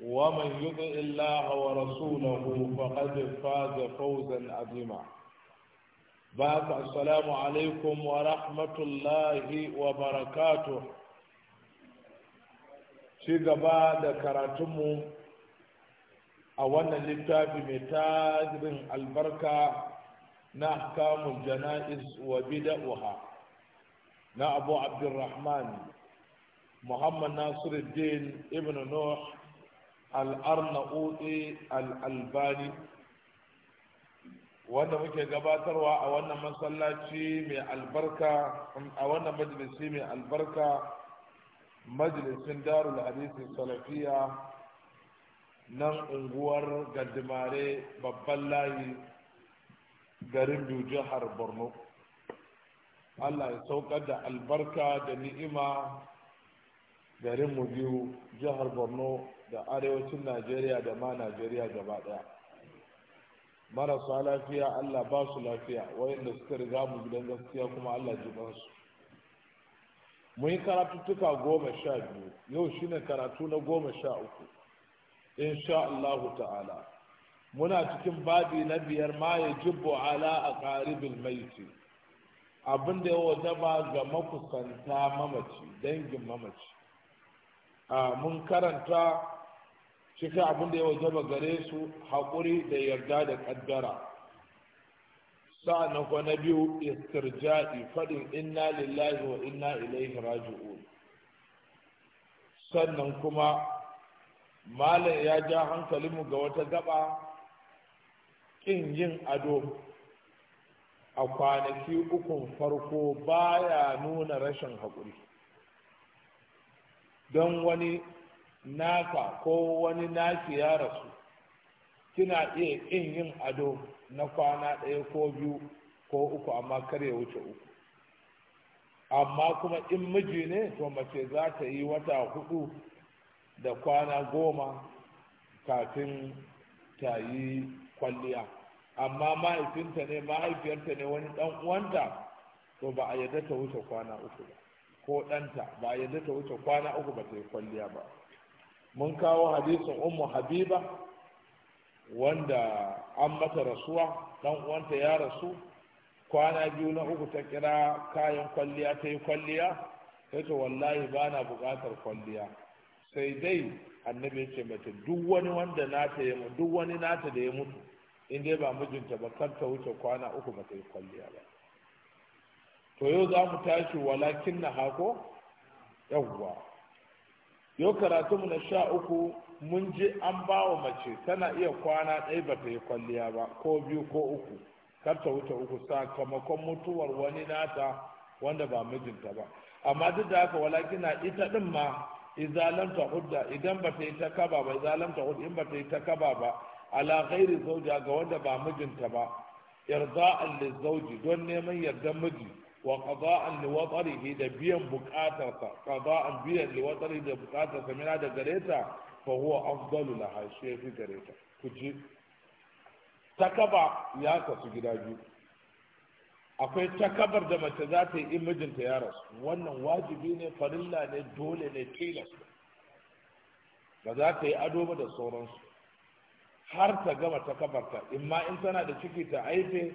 ومن يطع الله ورسوله فقد فاز فوزا عظيما بعد السلام عليكم ورحمة الله وبركاته في gaba da karatunmu a wannan littafi mai tarin albarka na kamun jana'iz wa bida'uha na abu abdulrahman muhammad nasiruddin ibn nuh al'arna'uɗe al'albani wanda muke gabatarwa a wannan masallaci mai albarka a wannan majalisi mai albarka majalisin darul hadisi salafiya nan unguwar Gadimare, babban layi garin biyu jihar borno allah ya saukar da albarka da ni'ima garin mu biyu jihar borno da arewacin najeriya da ma najeriya gaba ɗaya. marasa lafiya allah ba su lafiya wayanda suka riga mu gidan gaskiya kuma allah ji su mun yi karatuttuka goma sha biyu yau shine karatu na goma sha uku insha allahu ta'ala muna cikin babi na biyar ma ya jibbo ala a karibin maiti abin da ya wajaba ga makusanta mamaci dangin mamaci A mun karanta shi sai abin da ya wajaba gare su haƙuri da yarda da ƙaddara sa'annan kuwa na biyu istirja'i faɗin inna lillahi wa inna ilaihi raji'un sannan kuma malam ya ja hankalinmu ga wata gaba ƙin yin ado a kwanaki ukun farko baya nuna rashin haƙuri don wani naka ko wani naki ya rasu kina iya ƙin yin ado na kwana ɗaya ko biyu ko uku amma kar ya wuce uku amma kuma in miji ne to mace za ta yi wata hudu da kwana goma kafin ta yi kwalliya amma mahaifinta ne mahaifiyarta ne wani ɗan uwanta to ba a yadda ta wuce kwana uku ba ko ɗanta ba a yadda ta wuce kwana uku ba ta yi kwalliya ba mun kawo hadisin ummu habiba wanda an mata rasuwa dan uwanta ya rasu kwana biyu na uku ta kira kayan kwalliya ta yi kwalliya Sai ta wallahi ba na buƙatar kwalliya sai dai annabi ce mace duk wani wanda nata ya duk wani nata da ya mutu in dai ba mijinta ba kar ta wuce kwana uku ba ta yi kwalliya ba to yau za mu tashi walakin na hako yawwa yau karatu mu na sha uku mun je an ba wa mace tana iya kwana ɗaya ba ta yi kwalliya ba ko biyu ko uku kar ta wuce uku sakamakon mutuwar wani nata wanda ba mijinta ba amma duk da haka walakina ita din ma izalam ta hudda idan ba ta yi ta kaba ba izalam ta hudda in ba ta yi ta kaba ba ala ghairi zauja ga wanda ba mijinta ba irda'an lizauji don neman yardan miji wa qada'an li watarihi da biyan bukatarsa qada'an biyan li da bukatarsa mina da gareta fa huwa afdalu la shi fi gareta kuji takaba ya kasu gida biyu akwai takabar da mace za ta yi in mijinta ya rasu wannan wajibi ne farilla ne dole ne tilas ba za ta yi ado ba da sauransu har ta gama takabarta in ma in tana da ciki ta aife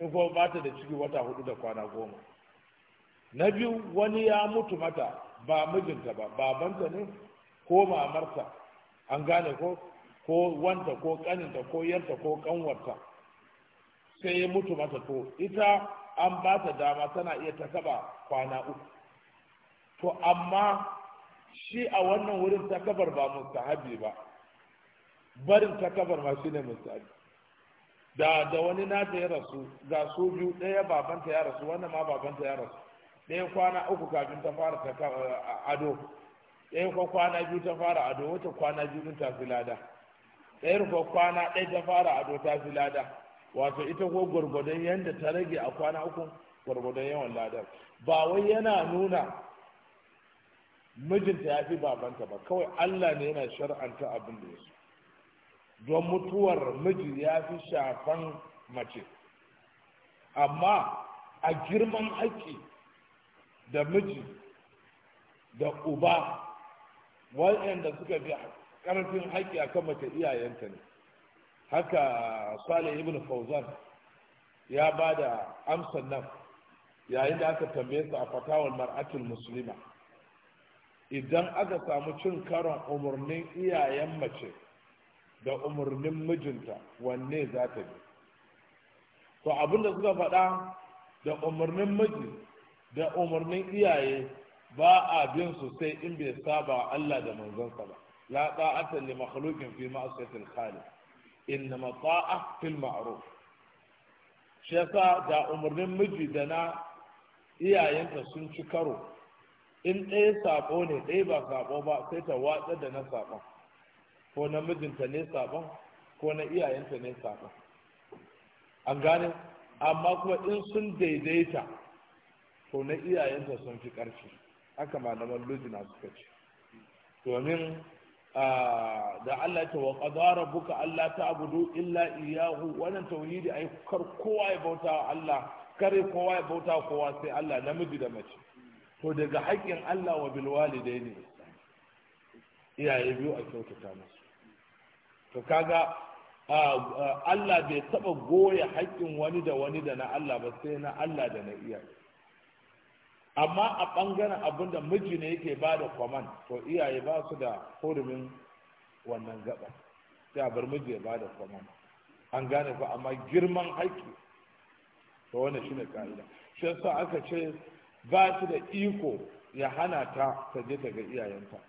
in kuma ba ta da ciki wata hudu da kwana goma na biyu wani ya mutu mata ba mijinta ba babanta ne ko mamarta an gane ko ko wanta ko kaninta ko yarta ko kanwarta sai ya mutu mata to ita an ba ta dama tana iya ta kaba kwana uku to amma shi a wannan wurin takabar ba mustahabi ba barin takabar ma shine mustahabi da da wani nata ya rasu ga su biyu ɗaya babanta ya rasu wannan ma babanta ya rasu ɗaya kwana uku kafin ta fara ta ado ɗaya kwa kwana biyu ta fara ado wata kwana biyu din ta lada ɗayar kwa kwana ɗaya ta fara ado ta lada wato ita ko gwargwadon yadda ta rage a kwana uku gwargwadon yawan ladar ba wai yana nuna mijinta ya fi babanta ba kawai allah ne yana shar'anta abin da ya so don mutuwar miji ya fi shafan mace amma a girman haƙƙi da miji da uba waɗanda suka fi ƙarfin haƙƙi a kan mace iyayenta ne haka Sale ibn fauzan ya ba da amsan nan yayin da aka tambaye su a fatawar mar'atul musulma idan aka samu cin karon umarnin iyayen mace da umarnin mijinta wanne za ta bi to abin da suka faɗa da umarnin miji da umarnin iyaye ba a bin su sai in bai saba Allah da manzonsa ba la ta'ata li makhluqin fi ma'siyatil khaliq inna ta'a fil ma'ruf shi da umarnin miji da na iyayenta sun ci karo in ɗaya saƙo ne ɗaya ba saƙo ba sai ta watsa da na saƙon ko na mijinta ne saban ko na iyayenta ne saban an gane amma kuma in sun daidaita to na iyayenta sun fi ƙarfi Aka malaman lujina suka ce domin da Allah ta wa qadara buka Allah ta abudu illa iyahu wannan tauhidi ai kar kowa ya bauta wa Allah kare kowa ya bauta kowa sai Allah namiji da mace to daga haƙƙin Allah wa bil walidaini iyaye biyu a kyautata musu to kaga Allah bai taba goya haƙƙin wani da wani da na Allah ba sai na Allah da na iyaye amma a ɓangaren abin da miji ne yake ba da kwaman to iyaye ba su da hurumin wannan gaba sai a bar miji ya ba da kwaman an gane ba amma girman haƙƙi to wannan shine ka'ida shi yasa aka ce ba su da iko ya hana ta ta je ta ga iyayenta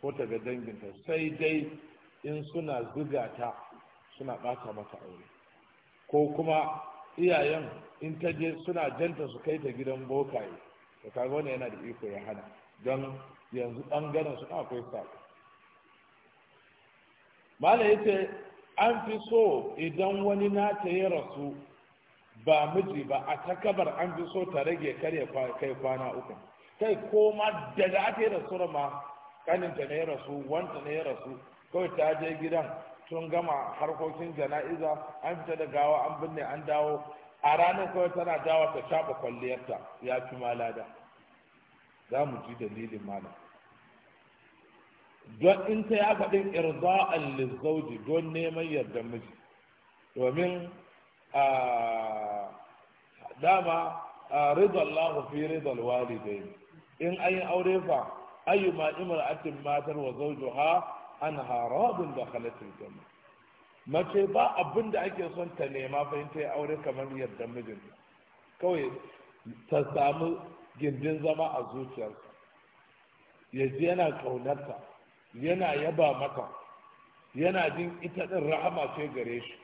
ko ta ga danginta sai dai in suna zuga ta suna ɓata mata aure ko kuma iyayen in ta je suna janta su kai ta gidan bokaye da kaga wani yana da iko ya hana don yanzu ɓangaren su akwai sako mala ya ce an fi so idan wani na ta ya rasu ba miji ba a takabar an fi so ta rage karya kai kwana uku kai koma daga ake rasu ma kaninta na ya rasu wanta na ya rasu kawai ta je gidan sun gama harkokin jana'iza an fita da gawa an binne an dawo a ranar kawai tana dawa ta shaɓa kwalliyarta ya fi malada za mu ji dalilin mana. don in ta ya faɗin irza'an lizzauji don neman yardar miji domin dama rizal lahu fi rizal walidai in ayin aure fa ayyuma imra'atin matar wa zawjuha an harabun da halittar jama mace ba abin da ake son ta nema fahimta ya aure kamar yadda mijinta kawai ta samu gindin zama a zuciyarsa ya ji yana kaunarta yana yaba mata yana jin ita ɗin rahama ce gare shi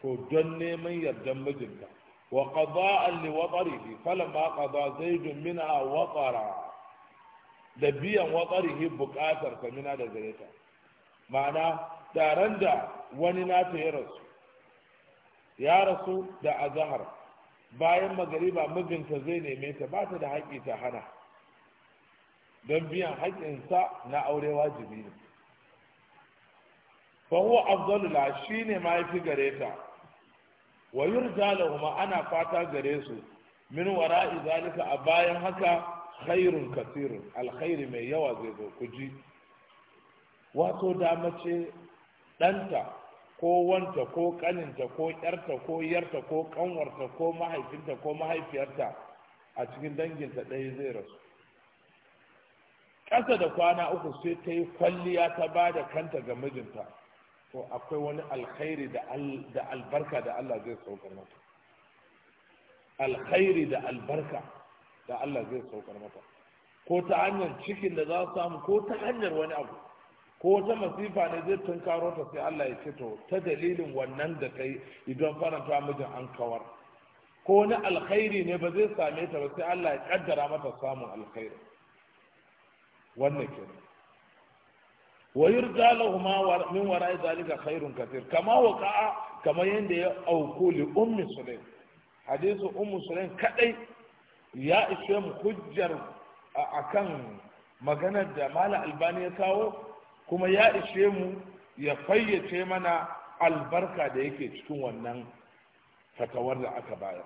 to don neman yardan mijinta wa qada'an li watarihi falamma qada zaidun minha watara da biyan watsarihi buƙatar kamina da gare ta ma'ana taron da wani nata ya rasu ya rasu da azahar bayan magariba mijinta zai neme ta ba ta da haƙƙi ta hana don biyan haƙƙinsa na aure wajibi ne fahu huwa shi ne mahaifi yafi gare ta wa yurja ana fata gare su min wara'i zalika a bayan haka khairun kasirun alkhairi mai yawa zai zo ku ji wato da mace ɗanta ko wanta ko ƙaninta ko ƴarta ko yarta ko ƙanwarta ko mahaifinta ko mahaifiyarta a cikin danginta ɗaya zai rasu ƙasa da kwana uku sai ta yi kwalliya ta ba da kanta ga mijinta to akwai wani alkhairi da albarka da Allah zai saukar mata alkhairi da albarka da Allah zai saukar mata ko ta hanyar cikin da za su samu ko ta hanyar wani abu ko wata masifa ne zai tunkaro ta sai Allah ya ce to ta dalilin wannan da kai idan faranta mijin an kawar ko wani alkhairi ne ba zai same ta ba sai Allah ya kaddara mata samun alkhairi wannan ke wa yurda lahuma min wara'i zalika khairun katir kama waqa'a kama yanda ya auku li ummi sulaim hadisu ummi sulaim kadai ya ishe mu hujjar a akan maganar da mala albani ya kawo kuma ya ishe mu ya fayyace mana albarka da yake cikin wannan fatawar da aka bayar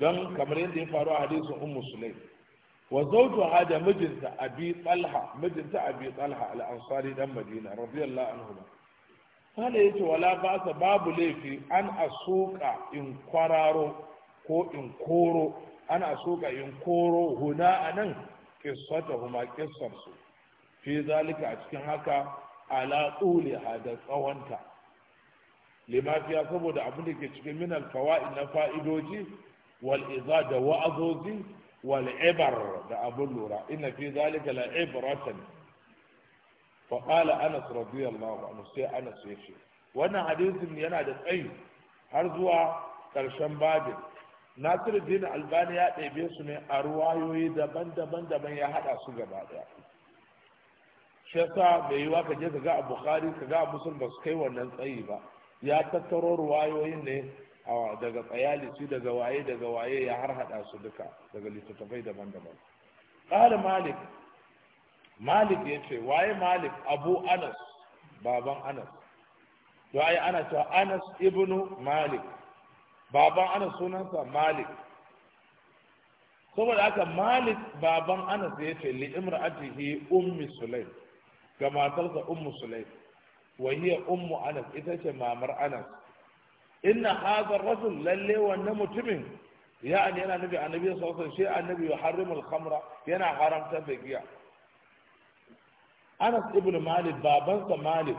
don kamar yadda ya faru a hadisin ummu musulai wa zawjuha da mijinta abi talha mijinta abi talha al'ansari dan madina radiyallahu anhu yace wala ba babu laifi an asuka in kwararo ko in koro ana so ka yin koro huna a nan kissata huma kissarsu fi zalika a cikin haka ala tsuliha da tsawonta limafiya saboda abin da ke cikin min alfawa'i na fa'idoji wal iza da wa'azozi wal ibar da abin lura inna fi zalika la ibratan fa qala anas radiyallahu anhu sai anas yace wannan hadisin yana da tsayi har zuwa karshen babin nasiruddin albani ya ɗebe su ne a ruwayoyi daban-daban daban ya haɗa su gaba ɗaya shi yasa mai yiwa ka je ka ga a bukhari ka ga a musul ba su kai wannan tsayi ba ya tattaro ruwayoyin ne daga su daga waye daga waye ya har haɗa su duka daga littattafai daban-daban ƙari malik malik ya ce waye malik abu anas baban anas to ai ana cewa anas ibnu malik baban anas sunansa malik saboda aka malik baban anas ya ce li imra'atihi ummi sulaim ga matarsa ummu sulaim wa hiya ummu anas ita ce mamar anas inna hadha rajul lalle wannan mutumin yani yana nabi annabi sallallahu alaihi wasallam annabi yuharrimu al-khamra yana haramta da giya anas ibn malik babansa malik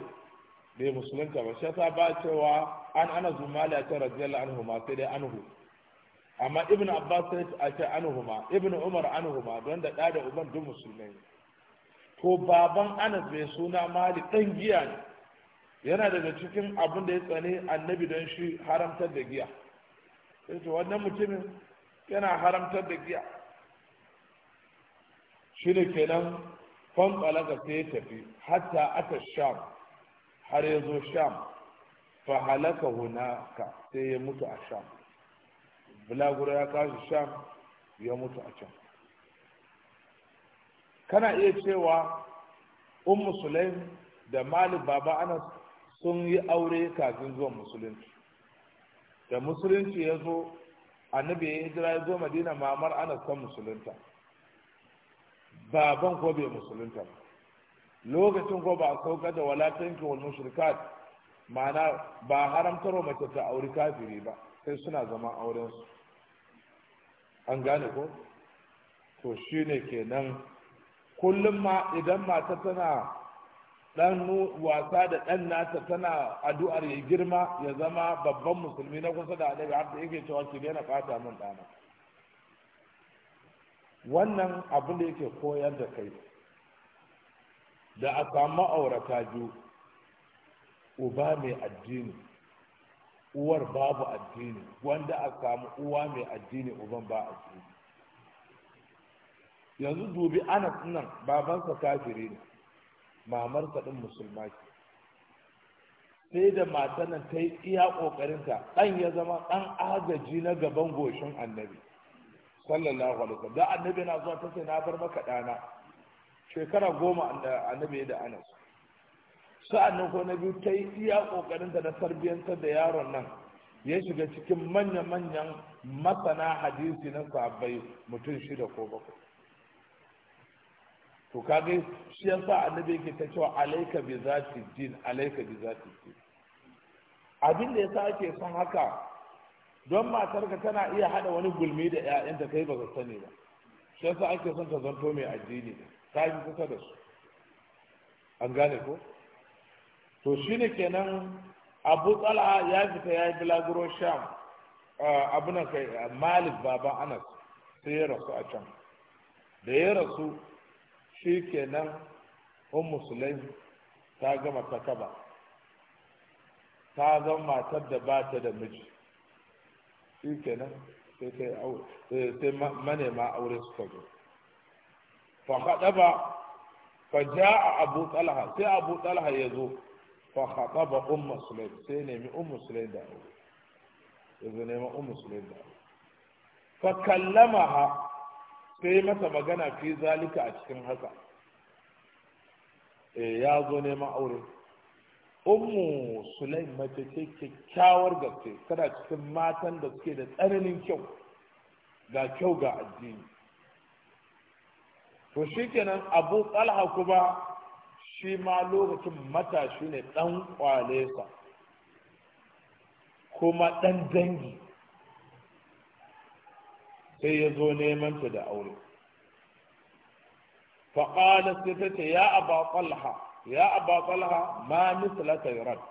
bai musulunta ba shi ba cewa an ana zumali a ce radiyallahu anhu ma sai dai anhu amma ibn abbas sai a ce anhu ma ibn umar anhu ma don da da uban duk musulmai to baban anas mai suna mali dan giya ne yana daga cikin abin da ya tsane annabi don shi haramtar da giya sai to wannan mutumin yana haramtar da giya shi ne kenan fan sai ya tafi hatta aka sha har ya zo sham fa halaka hunaka sai ya mutu a sham bulaguro ya kashi sham ya mutu a can kana iya cewa ummu sulaim da malik baba anas sun yi aure kafin zuwan musulunci da musulunci ya zo annabi ya hijira ya zo madina mamar anas kan musulunta baban ko bai musulunta ba lokacin ko ba a saukar da wala tanki wani shirkat ma'ana ba haramtar wa mace ta auri kafiri ba sai suna zama auren an gane ko to shine kenan kullum ma idan mata tana dan wasa da dan nata tana addu'ar ya girma ya zama babban musulmi na kusa da annabi har da yake cewa ki daina fata min dana wannan abin da yake koyar da kai da a samu aurata biyu uba mai addini uwar babu addini wanda a samu uwa mai addini uban ba addini yanzu dubi ana nan babansa kafiri ne mamarsa din musulma ce sai da matan nan ta yi iya ƙoƙarinta ɗan ya zama ɗan agaji na gaban goshin annabi sallallahu alaihi wasallam da annabi na zuwa ta sai na bar maka ɗana shekara goma annabi da anas nan ko na biyu ta yi iya da na tarbiyyantar da yaron nan ya shiga cikin manya-manyan masana hadisi na sahabbai mutum shida ko bakwai to kage shi ya sa annabi yake ta cewa alaika bi zati din alaika bi zati din abin da ya yasa ake son haka don matarka tana iya hada wani gulmi da 'ya'yanta kai ba ka sani ba shi sa ake son ta zanto mai addini ne ta yi kusa da su an gane ko to shi ne kenan abu tsala ya fita ya yi bilaguro sham na kai malik baba anas sai ya rasu a can da ya rasu shi kenan un musulai ta gama ta kaba ta zama matar da ba ta da miji shi kenan sai manema aure suka zo fa khadaba fa jaa abu talha sai abu talha ya zo fa khadaba ummu sulaim sai nemi ummu sulaim da aure yanzu nema ummu sulaim da aure fa kallamaha sai magana a cikin haka eh ya zo neman aure ummu sulaim mace ce kyakkyawar gaske tana cikin matan da suke da tsananin kyau ga kyau ga addini to kenan abu talha kuma shi ma lokacin matashi ne dan kwalesa kuma dan dangi sai ya zo neman ta da aure faƙalar sai ta ce ya aba talha ya aba talha ma misalata rat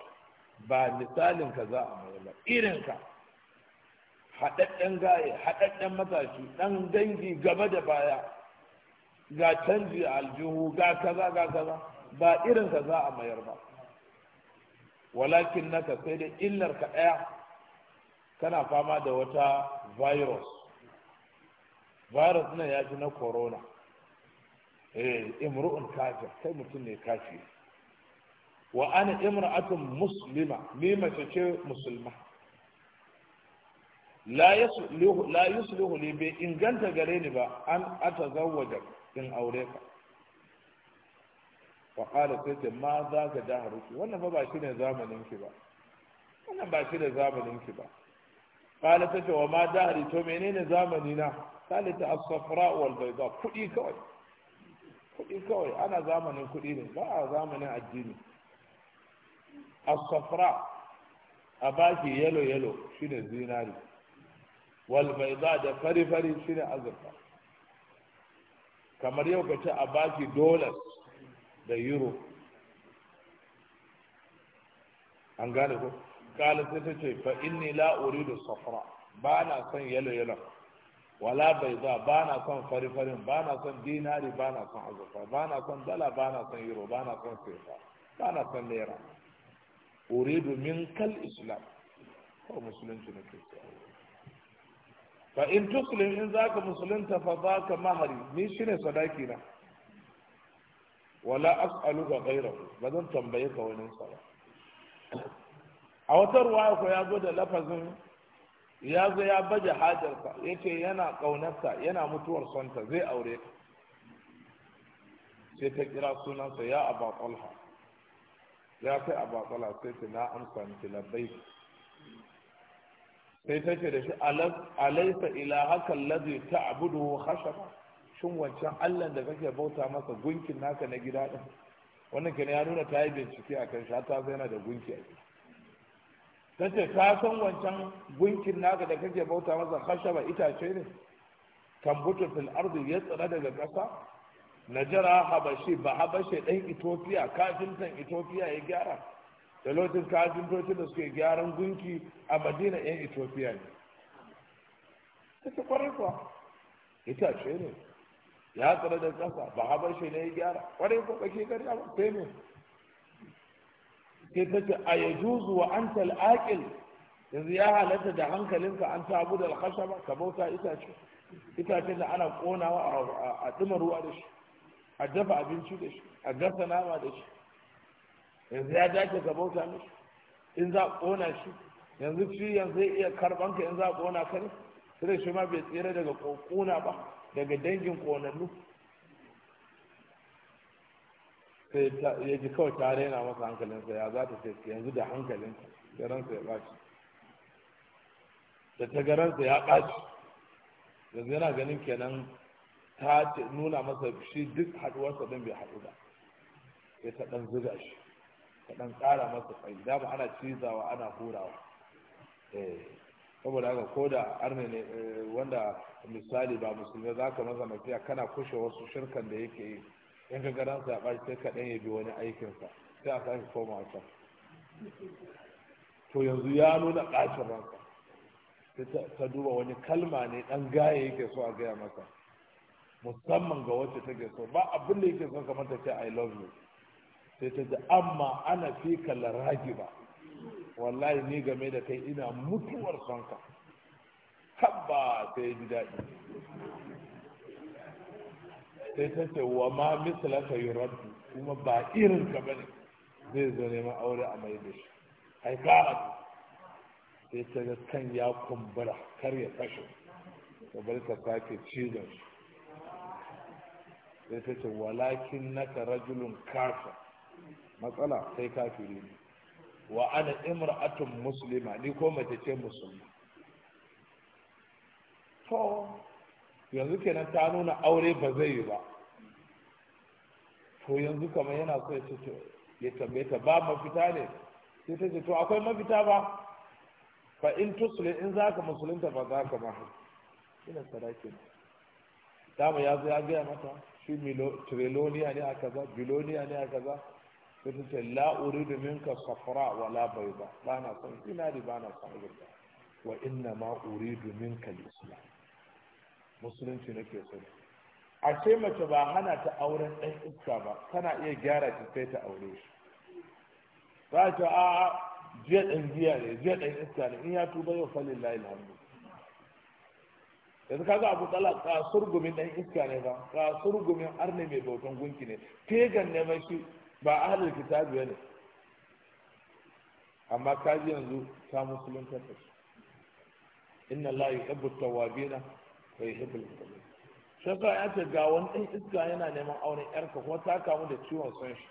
ba misalin ka za a mai ba irinka haɗaɗɗen gaye haɗaɗɗen matashi ɗan dangi gaba da baya ga canji aljihu ga kaza ga kaza ba irin ka za a mayar ba walakin naka sai da illar ka ɗaya kana fama da wata virus virus nan ya ji na corona eh imru'un kafir kai mutum ne kafir wa ana imra'atun muslima ni mace ce musulma la yuslihu li bi inganta gare ni ba an atazawwaja in aure ka wa qala sai ta ma za ka haruki wannan fa ba shi ne zamanin ki ba wannan ba shi ne zamanin ki ba qala ta ce wa ma hari to menene zamani na qala ta asfara wal bayda kudi kawai kudi kawai ana zamanin kudi ne ba a zamanin addini asfara a baki yalo yalo shine zinari wal bayda da fari fari shine azurfa kamar yau ka ce a baki dollars da euro an gane ko kala sai ta ce fa inni la uridu safra ba na son yalo yalo wala bai za ba na son fari farin ba na son dinari ba na son azurfa ba na son dala ba na son euro ba na son sefa ba na son naira uridu min kal islam ko musulunci na kristiyani fa in tukulin in zaka musulunta fa baka mahari ni shine sadaki na wala ga ghayrahu ba zan tambaye ka wani sa ba a wata ruwaya ko ya zo da lafazin ya zo ya baje hajarsa yace yana kaunarsa yana mutuwar sonta zai aure ka sai ta kira sunansa ya aba talha ya kai aba talha sai ta na amsa miki sai ta ce da shi alaisa lazi ta abudu khashab shin wancan Allah da kake bauta masa gunkin naka na gida din wannan kenan ya nuna ta yi bincike a kan shata ta yana da gunki a gida ta ce ta san wancan gunkin naka da kake bauta masa khashaba itace ne kan butu fil ardi ya tsira daga ƙasa najara habashi ba habashe ɗan itofiya kafintan itofiya ya gyara da lokacin kajintocin da suke gyaran gunki a madina yan ethiopia ne ita kwarai kuwa ita ce ne ya tsara da ƙasa ba habar shi ne ya gyara kwarai kuwa ke gari a sai ne sai ta ce a yaju wa an tal'aƙil yanzu ya halatta da hankalinka an ta abu da alhasha ba ka bauta itace ce da ana ƙonawa a ɗuma ruwa da shi a dafa abinci da shi a gasa nama da shi yanzu ya dace ka bauta ne in za a kona shi yanzu shi yanzu zai iya karban ka in za a kona ka ne sai shi ma bai tsira daga kokuna ba daga dangin konannu sai ya ji kawai ta raina masa hankalinsa ya za ta sai yanzu da hankalinsa da ransa ya ɓaci da ta garansa ya ɓaci yanzu yana ganin kenan ta nuna masa shi duk haɗuwarsa ɗin bai haɗu ba sai ta ɗan zuga shi ka ƙara kara masa tsayi dama ana cizawa ana hurawa eh, saboda haka ko da arne ne eh, wanda misali ba musulmi za ka masa mafiya kana kushe wasu shirkan da yake yi in ka garan sa ba sai ka yabi wani aikinsa sai a sake koma a can to yanzu ya nuna ƙacin ranka ta duba wani kalma ne ɗan gaye yake so a gaya masa musamman ga wacce take so ba abin da yake son kamar ta ce i love you sai ta ji amma ana fi kalla ragiba wallahi ni game da kai ina mutuwar sonka kabba sai ji daɗi sai ta ce wa ma misalaka yuraddu kuma ba irin ka bane zai zo neman aure a mai da shi haika sai ta ga kan ya kumbura kar ya fashe ka bar ka sake cizon shi sai ta ce walakin naka rajulun kafa matsala sai kafiri ne wa ana imra'atun muslima ni ko mace ce musulma to yanzu kenan ta nuna aure ba zai yi ba to yanzu kamar yana so ya ce ya tambaye ta ba mafita ne sai ta ce to akwai mafita ba fa in tusli in zaka musulunta ba za ka ba ina sadaki dama ya zo ya gaya mata shi treloniya ne a kaza biloniya ne a kaza sai ta ce la uridu minka safra wala bayda ba na son da ba na son gurba wa inna ma uridu minka al musulunci nake so ce mace ba hana ta auren ɗan iska ba tana iya gyara ta sai ta aure shi ba ta a jiya ɗan jiya ne jiya ɗan iska ne in ya tuba yau falin layi alhamdu yanzu kaga abu tsala ka surgumin ɗan iska ne ba ka surgumin arne mai bautan gunki ne tegan ne ba shi ba ahalin kitabi ne amma kaji yanzu ta musulun ta inna la yuhibbu tawabina wa yuhibbu al-muttaqin shi ya ce ga wani ɗan iska yana neman auren yarka kuma ta kamu da ciwon son shi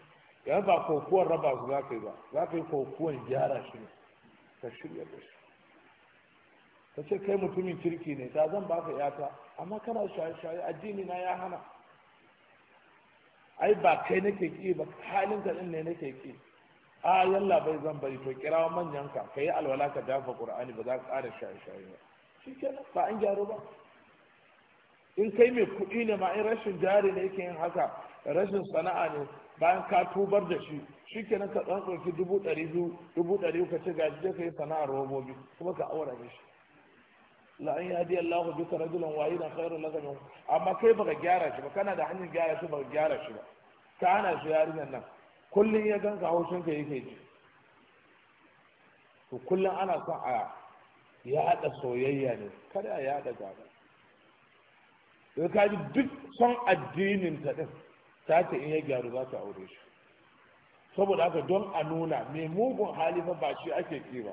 ya ba kokuwar raba su za ka yi ba za ka yi kokuwar gyara shi ne ka shirya da shi ta ce kai mutumin kirki ne da zan baka yata amma kana shaye-shaye addini na ya hana ai ba kai nake ki ba halin ka din ne nake ki a yalla bai zan bari to kirawo manyan ka kai alwala ka dafa qur'ani ba za ka ƙara shaye shaye ba shikenan ba an gyaro ba in kai mai kuɗi ne ma in rashin jari ne yake yin haka rashin sana'a ne bayan ka tubar da shi shikenan ka tsantsoki dubu ɗari biyu dubu ɗari ka ce gaji je ka yi sana'ar robobi kuma ka aura da shi la an yadi Allah duka rajulan wahidan khairun laka min amma kai baka gyara shi ba kana da hanyar gyara shi baka gyara shi ba ka ana shi yarinan nan kullun ya ganka haushin ka yake ji to kullun ana son a ya soyayya ne kada ya hada gaba to ka ji duk son addinin ta din ta ce in ya gyaru za ta aure shi saboda haka don a nuna mai mugun hali fa ba shi ake ki ba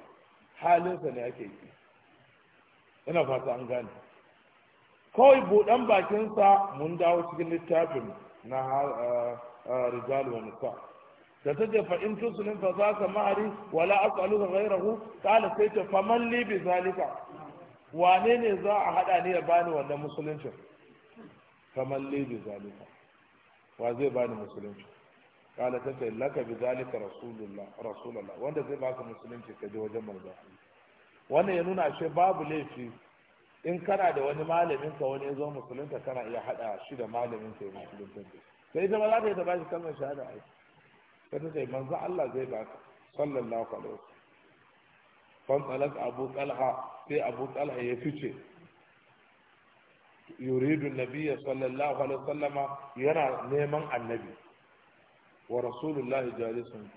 halinsa ne ake ki ina fata an gane kawai buɗan bakinsa mun dawo cikin littafin na eh, eh, rijal wa nisa da ta ce fa'in tusulin fa za ka ma'ari wala as'alu ka ghairahu qala sai ta faman li bi zalika wane ne za a haɗa ni ya bani wannan musuluncin faman li bi zalika wa zai bani musulunci qala ta ce laka bi zalika rasulullah rasulullah wanda zai baka musulunci ka je wajen manzo wannan ya nuna ce babu laifi in kana da wani malamin ka wani ya zo musulunta kana iya haɗa shi da malamin ka ya musulunta sai ita ma za ta yi ta ba shi kalmar shahada ai sai ta ce manzo Allah zai ba ka sallallahu alaihi wa wasallam fa abu talha sai abu talha ya fice yuridu nabiyya sallallahu alaihi wa wasallam yana neman annabi wa rasulullahi jalisun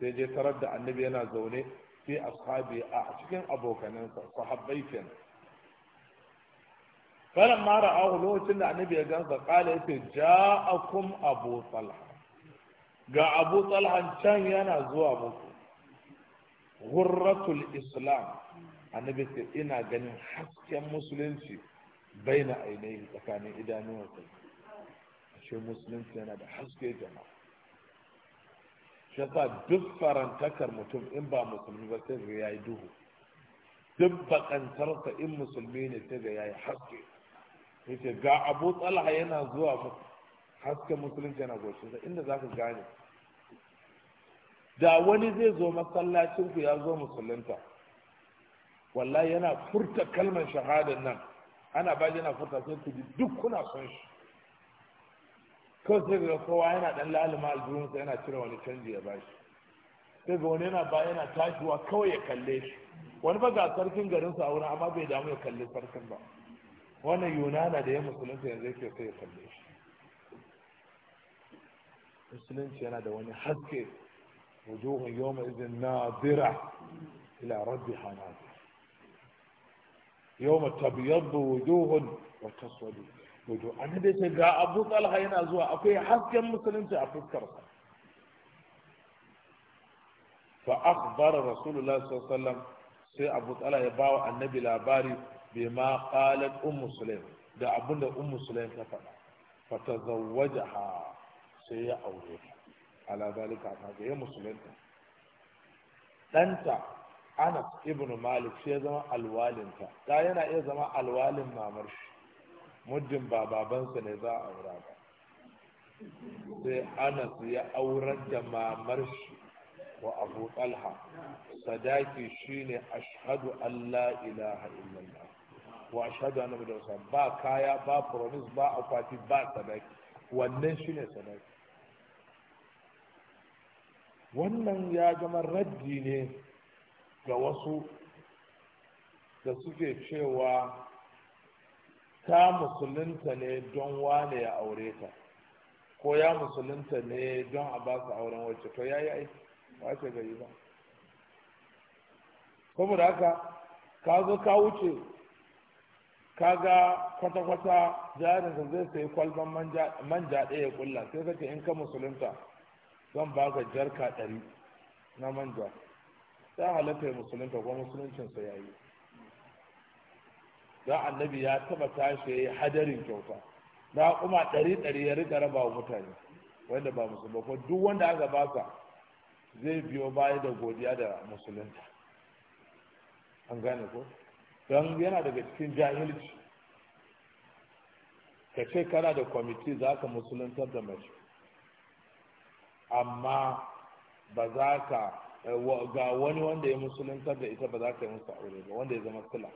sai je tarar da annabi yana zaune fi ashabi a cikin abokanansa sahabbai kenan falan mara a lokacin da annabi ya gansa kala yace ja'akum abu talha ga abu talha can yana zuwa muku ghurratul islam annabi ce ina ganin hasken musulunci baina ainihi tsakanin idanuwansa ashe musulunci yana da haske jama'a shi yasa duk farantakar mutum in ba musulmi ba sai ga yayi duhu duk bakantarsa in musulmi ne sai ga yayi haske yace ga Abu Talha yana zuwa haske musulunci yana goshinsa inda zaka gane da wani zai zo masallacin ku ya zo musulunta wallahi yana furta kalmar shahadar nan ana ba yana furta sai ku ji duk kuna son shi kawai sai ga kowa yana dan lalima aljihunsa yana cire wani canji ya bashi sai ga wani yana ba yana tashiwa kawai ya kalle shi wani ba ga sarkin garin a wurin amma bai damu ya kalle sarkin ba wannan yunana da ya musulunta yanzu yake sai ya kalle shi musulunci yana da wani haske wujuhun yawma idin nadira ila rabbiha nadira yawma tabyaddu wujuhun wa taswadu to annabi ce ga abu talha yana zuwa akwai hasken musulunci a fuskarsa fa akhbara rasulullah sallallahu alaihi sai abu talha ya bawa annabi labari bai ma qalat ummu sulaim da abunda ummu sulaim ta faɗa fa tazawwajaha sai ya aure ta ala zalika ta ga musulunta danta Anas ibn Malik sai ya zama alwalinta ta yana iya zama alwalin mamar shi muddin ba babansa ne za a aura ba sai anas ya aurar da mamar shi wa abu talha sadaki shi ne ashadu Allah, ilaha illallah wa ashhadu da muhammadan ba kaya ba promis ba akwati ba sadaki wannan shi ne sadaki wannan ya zama raddi ne ga wasu da suke cewa ta musulunta ne don wane ya aure ta ko ya musulunta ne don a ba su auren wacce to ya yi aiki ba ce gari ba da haka ka zo ka wuce ka ga kwata-kwata da zai sayi kwalban manja ɗaya ya kulla sai kake in ka musulunta zan ba ka jarka ɗari na manja ta halatta musulunta ko musuluncinsa ya yi don annabi ya taba tashi ya yi hadarin kyauta na kuma ɗari ɗari ya rika raba wa mutane wanda ba musulma ko duk wanda aka baka zai biyo baya da godiya da musulunta an gane ko don yana daga cikin jahilci ka ce kana da kwamiti za ka musuluntar da mace amma ba za ka eh, ga wani wanda ya musuluntar da ita ba za ka yi musu aure ba wanda ya zama sila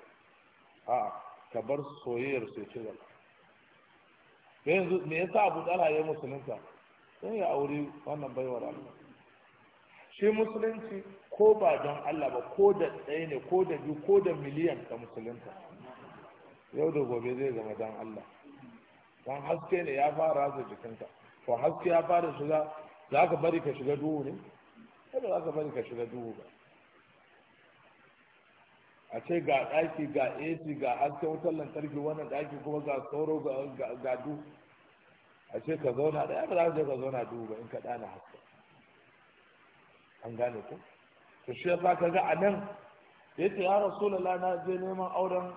a ka bar soyayyar sai ce wala me yanzu me yasa Abu Talha ya musulunta sai ya aure wannan baiwar Allah shi musulunci ko ba don Allah ba ko da ɗaya ne ko da biyu ko da miliyan ka musulunta yau da gobe zai zama don Allah don haske ne ya fara da jikinta. to haske ya fara shiga za ka bari ka shiga duhu ne kada za ka bari ka shiga duhu ba a ce ga ɗaki ga ac ga hasken wutar lantarki wannan ɗaki kuma ga sauro ga du a ce ka zauna ɗaya ba za ka je ka zauna du ba in ka ɗana haske an gane ku to shi yasa ka ga a nan ya ce ya rasulullah na je neman auren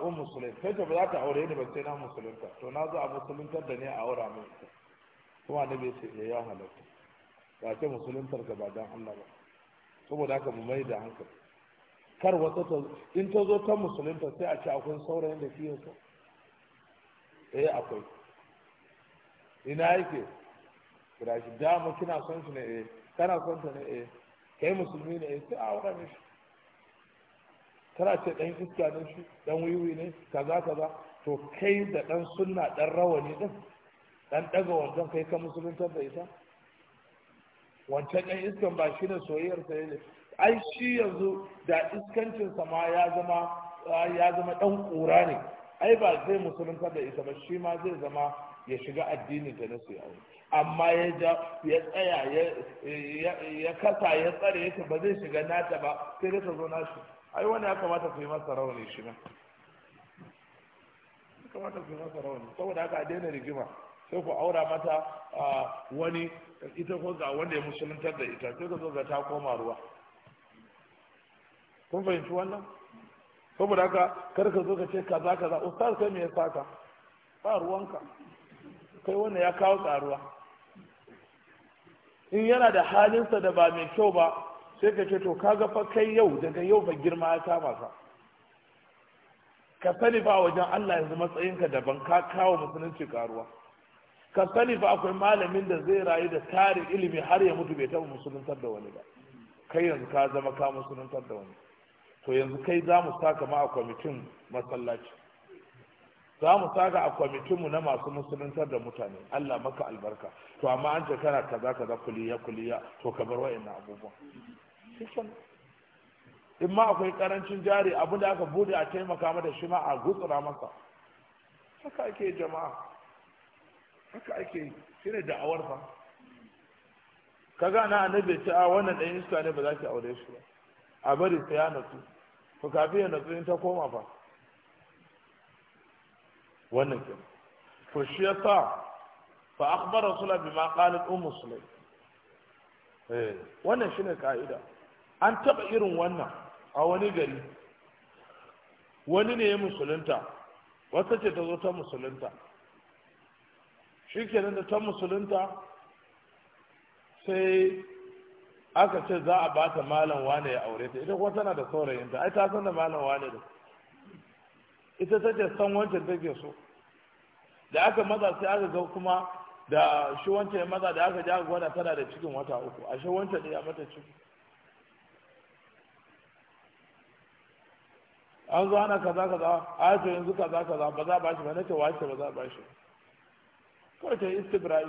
un musulun sai ta ba za ta aure ni ba sai na musulunta to na zo a musuluntar da ne a aura mai ita kuma na bai ce eh, ya halatta ba ce musuluntar ga ba don allah ba saboda haka mu mai da hankali kar wata ta in ta zo ta musulunta sai a ce akwai saurayin da fiye so eh akwai ina yake kira shi dama kina son shi ne eh kana son ta ne eh kai musulmi ne eh sai a aura shi. kana ce dan iska ne shi dan wiwi ne kaza kaza to kai da dan sunna dan rawani din dan daga wancan kai ka musulunta da ita wancan dan iskan ba shi ne soyayyar sai ne ai shi yanzu da iskancinsa ma ya zama ya zama dan kura ne ai ba zai musulunta da ita ba shi ma zai zama ya shiga addinin da na siyawa amma ya ja ya tsaya ya kasa ya tsare yake ba zai shiga nata ba sai dai ta zo nashi ai wani ya kamata ku yi masa rauni shi Ya kamata ku yi masa rauni saboda haka a daina rigima sai ku aura mata ah, wani ita ko ga wanda ya musuluntar da ita sai ka zo ga ta koma ruwa kun fahimci wannan saboda haka karka ka zo ka ce kaza kaza ustaz kai me ya saka ba ruwanka kai wannan ya kawo tsaruwa in yana da halinsa da ba mai kyau ba sai ka ce to kaga fa kai yau daga yau ba girma ya kama ka ka sani ba wajen Allah yanzu matsayinka daban ka kawo musulunci karuwa ka sani ba akwai malamin da zai rayu da tarin ilimi har ya mutu bai taɓa musuluntar da wani ba kai yanzu ka zama ka musuluntar da wani to yanzu kai za mu saka ma a kwamitin masallaci za mu saka a kwamitinmu na masu musuluntar da mutane Allah maka albarka to amma an ce kana kaza kaza kuliya kuliya to ka bar wa'annan abubuwan in ma akwai karancin jari abin da aka bude a taimaka mata shi ma a gutsura masa haka ake jama'a haka ake shine da'awar fa kaga na annabi ta wannan dan iska ne ba za ki aure shi ba a bari sai ya natsu to kafin ya natsu in ta koma fa wannan ke to shi ya sa fa akhbar rasulullah bima qalat ummu sulaim eh wannan shine ka'ida an taba irin wannan a wani gari wani ne ya musulunta wata ce ta zo ta musulunta shi kenan da ta musulunta sai aka ce za a bata malam wane ya aure ta ita kuma tana da saurayinta ai ta san da malam wane da ita take san wancan take so da aka maza sai aka ga kuma da shi wancan ya maza da aka ji aka gwada tana da cikin wata uku a shi wancan ne ya mata ciki an zo ana kaza kaza a yanzu kaza kaza ba za a bashi ba nace wace ba za a bashi kawai ta yi istibra'i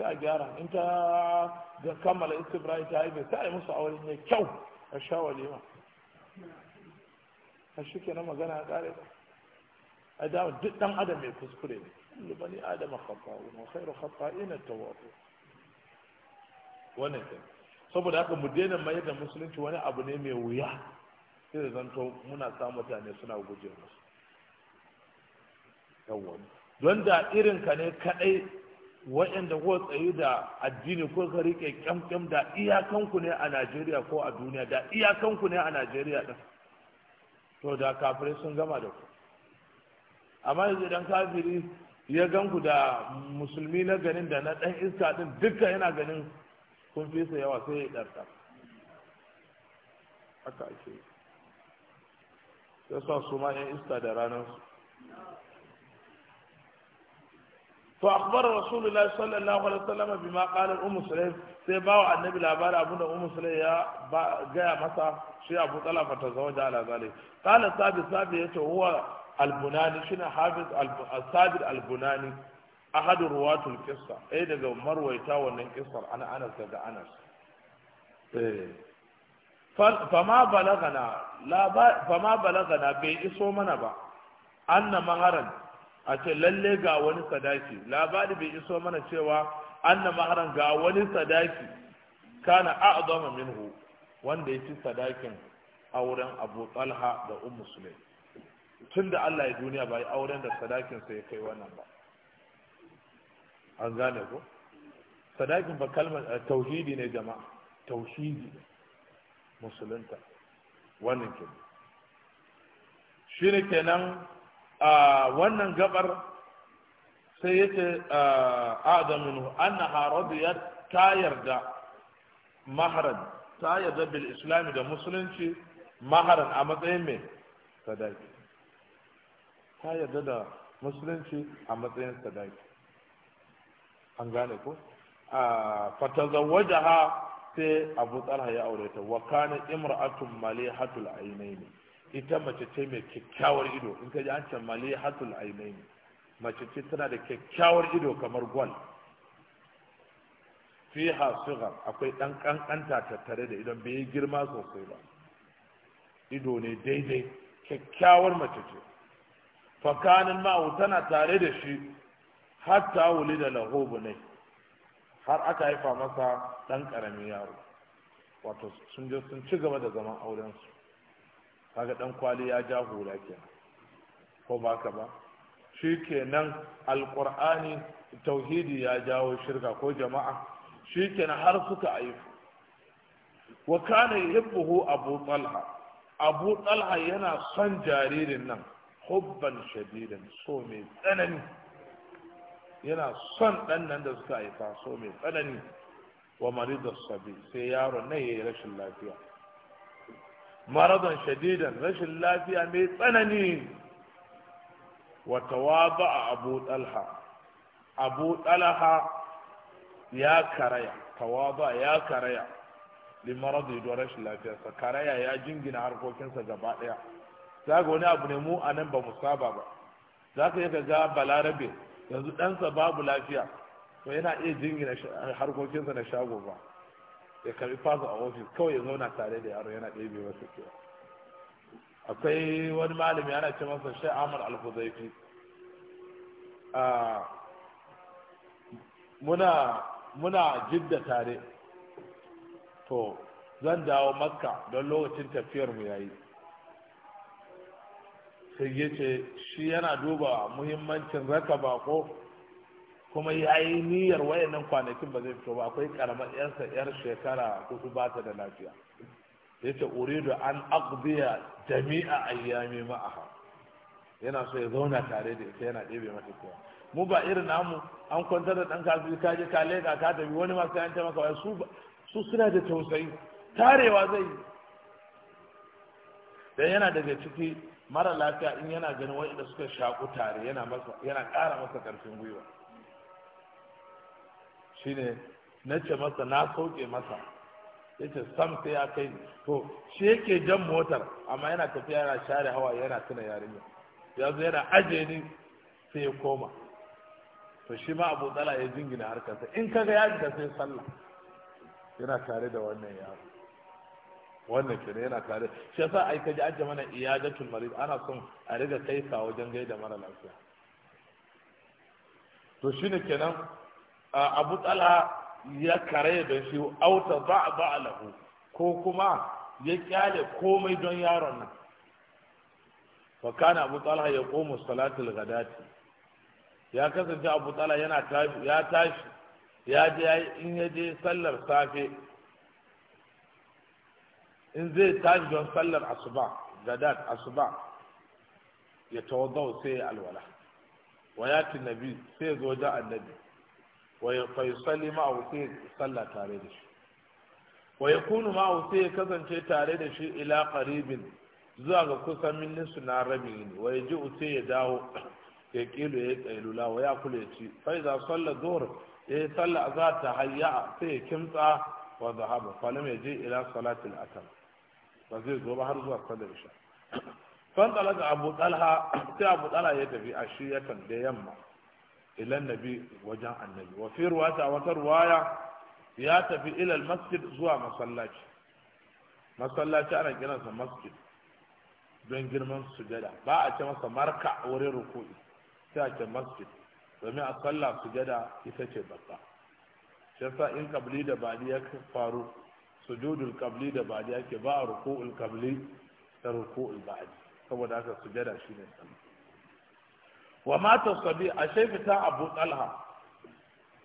sai a gyara in ta ga kammala istibrai ta haife sai a yi musu aure mai kyau a sha walima a shi ke na magana a kare ba a dama duk dan adam mai kuskure ne kullu bani adama kafa, wa ina ta tawwabu wannan ke saboda haka mu daina mayar da musulunci wani abu ne mai wuya sai da zanto muna sa mutane suna guje musu don da irin ka ne kadai waɗanda ko tsayu da addini ko ka rike kyamkyam da iyakanku ne a Najeriya ko a duniya da iyakanku ne a Najeriya ɗin to da kafirai sun gama da ku amma yanzu idan kafiri ya ganku da musulmi na ganin da na ɗan iska ɗin duka yana ganin kun fi yawa sai ya ɗarta haka ake yasa su ma 'yan iska da ranar su فأخبر رسول الله صلى الله عليه وسلم بما قال أم سليم سيباو النبي لابار أبونا أم سليم يا جاء مسا شيء أبو طلع فتزوج على ذلك قال ثابت ثابت هو البناني شنو حافظ الثابت البناني أحد رواة القصة أي دقوا مرويتا ونن قصة أنا أنس دقا أنس فما بلغنا لا فما بلغنا بي إسو منا با أن مهرا a ce lalle ga wani sadaki labari bai iso mana cewa anna maharan ga wani sadaki kana a'zama minhu wanda ci sadakin auren Abu Talha da Ummu Sulaim tunda Allah ya duniya bai auren da sadakin ya kai wannan ba an gane ko sadakin ba kalmar eh, tauhidi ne jama'a tauhidi musulunta wannan kenan shine kenan wannan gabar sai ya ce adaminu annaha ya ta yarda maharan ta yarda bil islami da musulunci maharan a matsayin mai sadaki ta yarda da musulunci a matsayin sadaki an gane ko fatazawwajaha sai abu tsarha ya aure ta wa kana imra'atun malihatul ainaini ita mace ce mai kyakkyawar ido in ka ji an ce hatul ainihin mace ce tana da kyakkyawar ido kamar gwal fiha sughar akwai dan kankanta tattare da idan bai girma sosai ba ido ne daidai kyakkyawar mace ce fakanin ma'u tana tare da shi hatta wuli da lahobu ne har aka haifa masa dan karamin yaro wato sun je sun ci gaba da zaman aurensu kaga dan kwali ya ja hula kenan ko ba ka ba shikenan alqur'ani tauhidi ya jawo shirka ko jama'a shikenan har suka ayyuka wa kana yuhibbuhu abu talha abu talha yana son jaririn nan hubban shadidan so mai tsanani yana son dan nan da suka haifa so mai tsanani wa maridus sabi sai yaron nan yayi rashin lafiya maradan shadidan rashin lafiya mai tsanani wa tawaba a abu Ɗalha. abu Ɗalha ya karaya tawaba ya karaya limaradu don rashin lafiyarsa karaya ya jingina harkokinsa gaba ɗaya za ga wani abu ne mu a nan ba mu saba ba za ka yi ga balarabe yanzu ɗansa babu lafiya to yana iya jingina harkokinsa na shago ba ya karbi fasa a ofis kawai ya zauna tare da yaro yana ɗebe masa kewa akwai wani malami ana ce masa shai amur alhuzaifi muna muna jidda tare to zan dawo makka don lokacin tafiyar mu yayi sai ya ce shi yana duba muhimmancin raka bako kuma ya yi niyyar wayannan kwanakin ba zai fito ba akwai karamar yarsa yar shekara kusa ba ta da lafiya ya ce uridu an aqdiya jami'a ayyami ma'aha yana so ya zauna tare da ita yana ɗebe mata kowa mu ba irin namu an kwantar da ɗan kasu ka je ka leka ka tafi wani masu yan taimaka wai su su suna da tausayi tarewa zai yi dan yana daga ciki mara lafiya in yana ganin wa'inda suka shaku tare yana ƙara masa ƙarfin gwiwa shine na ce masa na sauke masa ya ce sam sai ya kai to shi yake jan motar amma yana tafiya yana share hawa yana tuna yarinya ya zo yana aje ni sai ya koma to shi ma abu tsala ya jingina harkarsa in kaga ya da sai sallah yana tare da wannan yaro wannan kenan yana tare shi yasa ai kaji aje mana iyadatul marid ana son a riga kai sa wajen gaida mara lafiya to shine kenan abu talha ya kare da shi auta ba a ba lahu ko kuma ya kyale komai don yaron nan fakana abu talha ya komo salatul gadati ya kasance abu talha yana ya tashi ya je in ya je sallar safe in zai tashi don sallar asuba gadat asuba ya tawadau sai ya alwala wa nabi sai zo da annabi fa yusalli ma'ahu sai sallah tare da shi wa kunu ma'ahu sai kasance tare da shi ila qaribin zuwa ga kusan minnisu na rabi ne wa ji sai ya dawo ya kilo ya kailula wa ya kula ci fa idza salla dhuhr ya salla za ta hayya sai ya kimtsa wa zahaba fa lam je ila salatil asr ba zai zo ba har zuwa sallar isha fan talaga abu talha sai abu talha ya tafi ashiyatan da yamma ilan nabi wajen annabi wa fi ruwata wata ruwaya ya tafi ilal masjid zuwa masallaci masallaci ana kiransa masjid don girman sujada ba a ce masa marka wurin ruku'i sai a ce masjid domin a sallah sujada ita ce babba shi in kabli da bali ya faru sujudul kabli da bali yake ba a ruku'ul kabli da ruku'ul ba'di saboda haka sujada shine sallah wa mata sabi a fita abu talha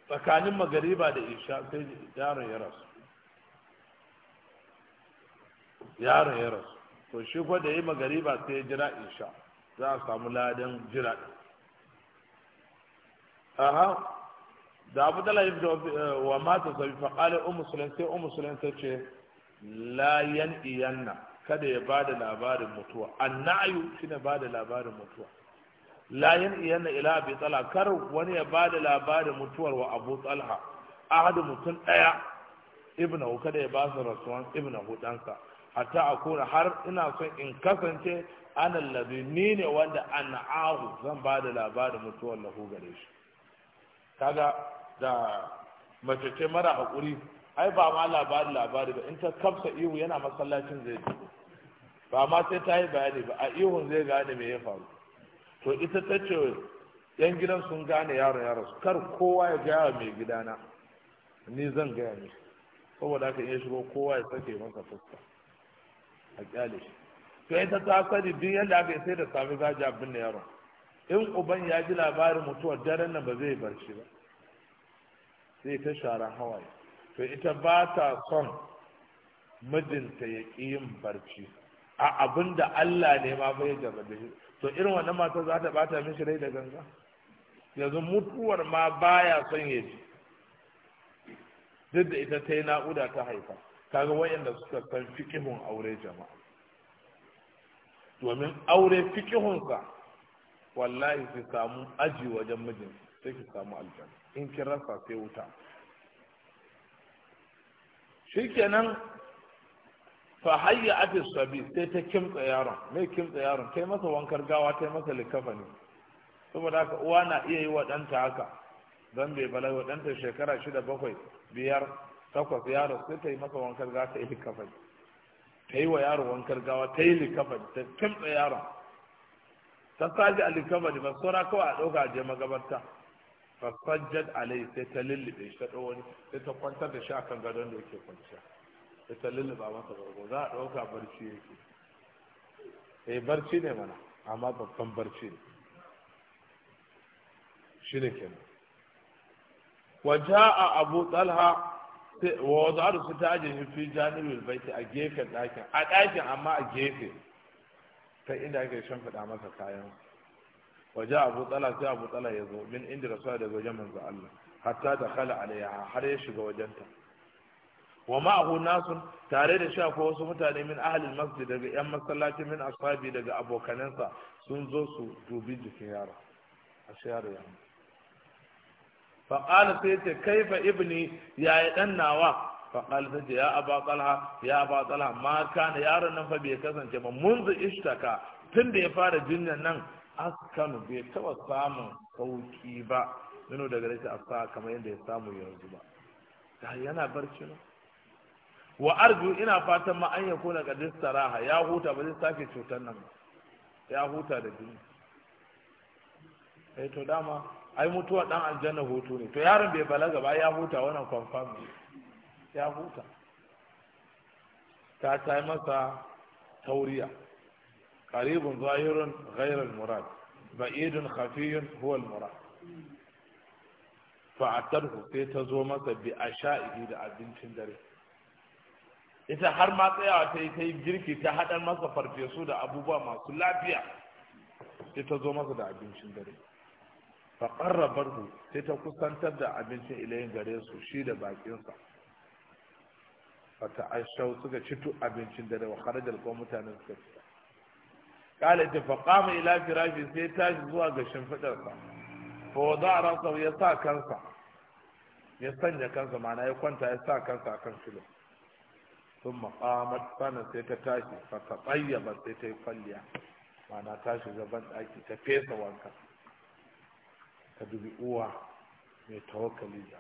tsakanin magariba da isha sai yaron ya rasu yaron ya rasu to shi kwa da yi magariba sai ya jira isha za a samu ladan jira aha da abu talha yi fito eh, wa mata sabi faƙalin umu sulen sai umu sulen ta ce layan iyanna kada ya ba da labarin mutuwa annayu shi ne ba da labarin mutuwa layin iyana ila abi tsala kar wani ya ba da labarin mutuwar wa abu tsalha ahadu mutum ɗaya ibna kada ya ba su rasuwan ibna hudansa hatta a kuna har ina son in kasance ana ni ne wanda an ahu zan ba da labarin mutuwar lahu gare shi kaga da mace mara haƙuri ai ba ma labarin labari ba in ta kafsa ihu yana masallacin zai ba ma sai ta yi bayani ba a ihun zai gane me ya faru to ita ta ce yan gidan sun gane yaron yaron rasu kar kowa ya gaya mai gidana ni zan gaya ne saboda haka iya shigo kowa ya sake masa fuska a kyale shi to ita ta sani duk yadda aka sai da sami gaji abin da yaron in uban ya ji labarin mutuwar daren nan ba zai barci ba sai ta shara hawaye to ita ba ta son mijinta ya ƙi yin barci a abin da Allah ne ma bai jarrabe to irin wannan matar za ta bata mishi rai da ganga yanzu mutuwar ma baya son ya ji duk da ita ta yi na'uda ta haifa kaga wayanda suka san fikihun aure jama'a domin aure fikihunsa wallahi su samu aji wajen mijin sai ki samu aljanna in kin rasa sai wuta shikenan fa hayya ati sabi sai ta kimtsa yaron mai kimtsa yaron kai masa wankar gawa ta masa likafani saboda haka uwa na iya yi wa ɗanta haka don bai bala wa ɗanta shekara shida bakwai biyar takwas yaro sai ta yi masa wankar gawa ta yi likafani ta yi wa yaro wankar gawa ta yi likafani ta kimtsa yaron ta saji a likafani ba saura kawai a ɗauka a je magabarta sajjad alai sai ta lullube shi ta ɗau wani sai ta kwantar da shi akan gadon da yake kwanciya ita ba masa bargo za a ɗauka barci yake E barci ne mana amma babban barci ne shi ne kenan a abu talha wa wada'ar su ta ajiye fi janibin baiti a gefen ɗakin a ɗakin amma a gefe ta inda ake shimfiɗa masa kayan waje abu tsala sai abu tsala ya zo min inda rasuwa daga wajen manzo Allah hatta da khala alaiha har ya shiga wajenta wa ma'ahu nasun tare da shafa wasu mutane min ahalin masjid daga yan masallaci min ashabi daga abokanansa sun zo su dubi jikin yaro a shayar yaro فقال سيتي كيف ابني يا nawa fa qala sayyidi ya aba qala ya aba qala ma kana yaron nan fa bai kasance ba munzu ishtaka tun da ya fara jinya nan askanu bai taba samun sauki ba mino daga rashin asa kamar yadda ya samu yanzu ba da yana barci ne wa arju ina fatan ma an ya kuna kadis saraha ya huta ba zai sake cutar nan ya huta da jini eh to dama ai mutuwa dan aljanna hutu ne to yaron bai balaga ba ya huta wannan confirm ya huta ta sai masa tauriya qaribun zahirun ghayr al murad ba'idun khafiyun huwa al murad fa'atarhu sai ta zo masa bi asha'i da abincin dare ita har ma tsayawa ta yi ta yi girki ta haɗar masa farfesu da abubuwa masu lafiya sai ta zo masa da abincin dare ƙarrabar su sai ta kusantar da abincin ilayin gare su shi da bakinsa fa aishau suka citu abincin dare wa kharaja alqawm mutane suka fita qala ta faƙa mai ila firashi sai tashi zuwa ga shimfidarsa fa a rasa ya sa kansa ya sanya kansa ma'ana ya kwanta ya sa kansa a kan filin sun maƙamar fana sai ta tashi fata tsayyaba sai ta yi kwalliya mana tashi shiga ban ɗaki ta fesa wanka ka dubi uwa mai tawakali da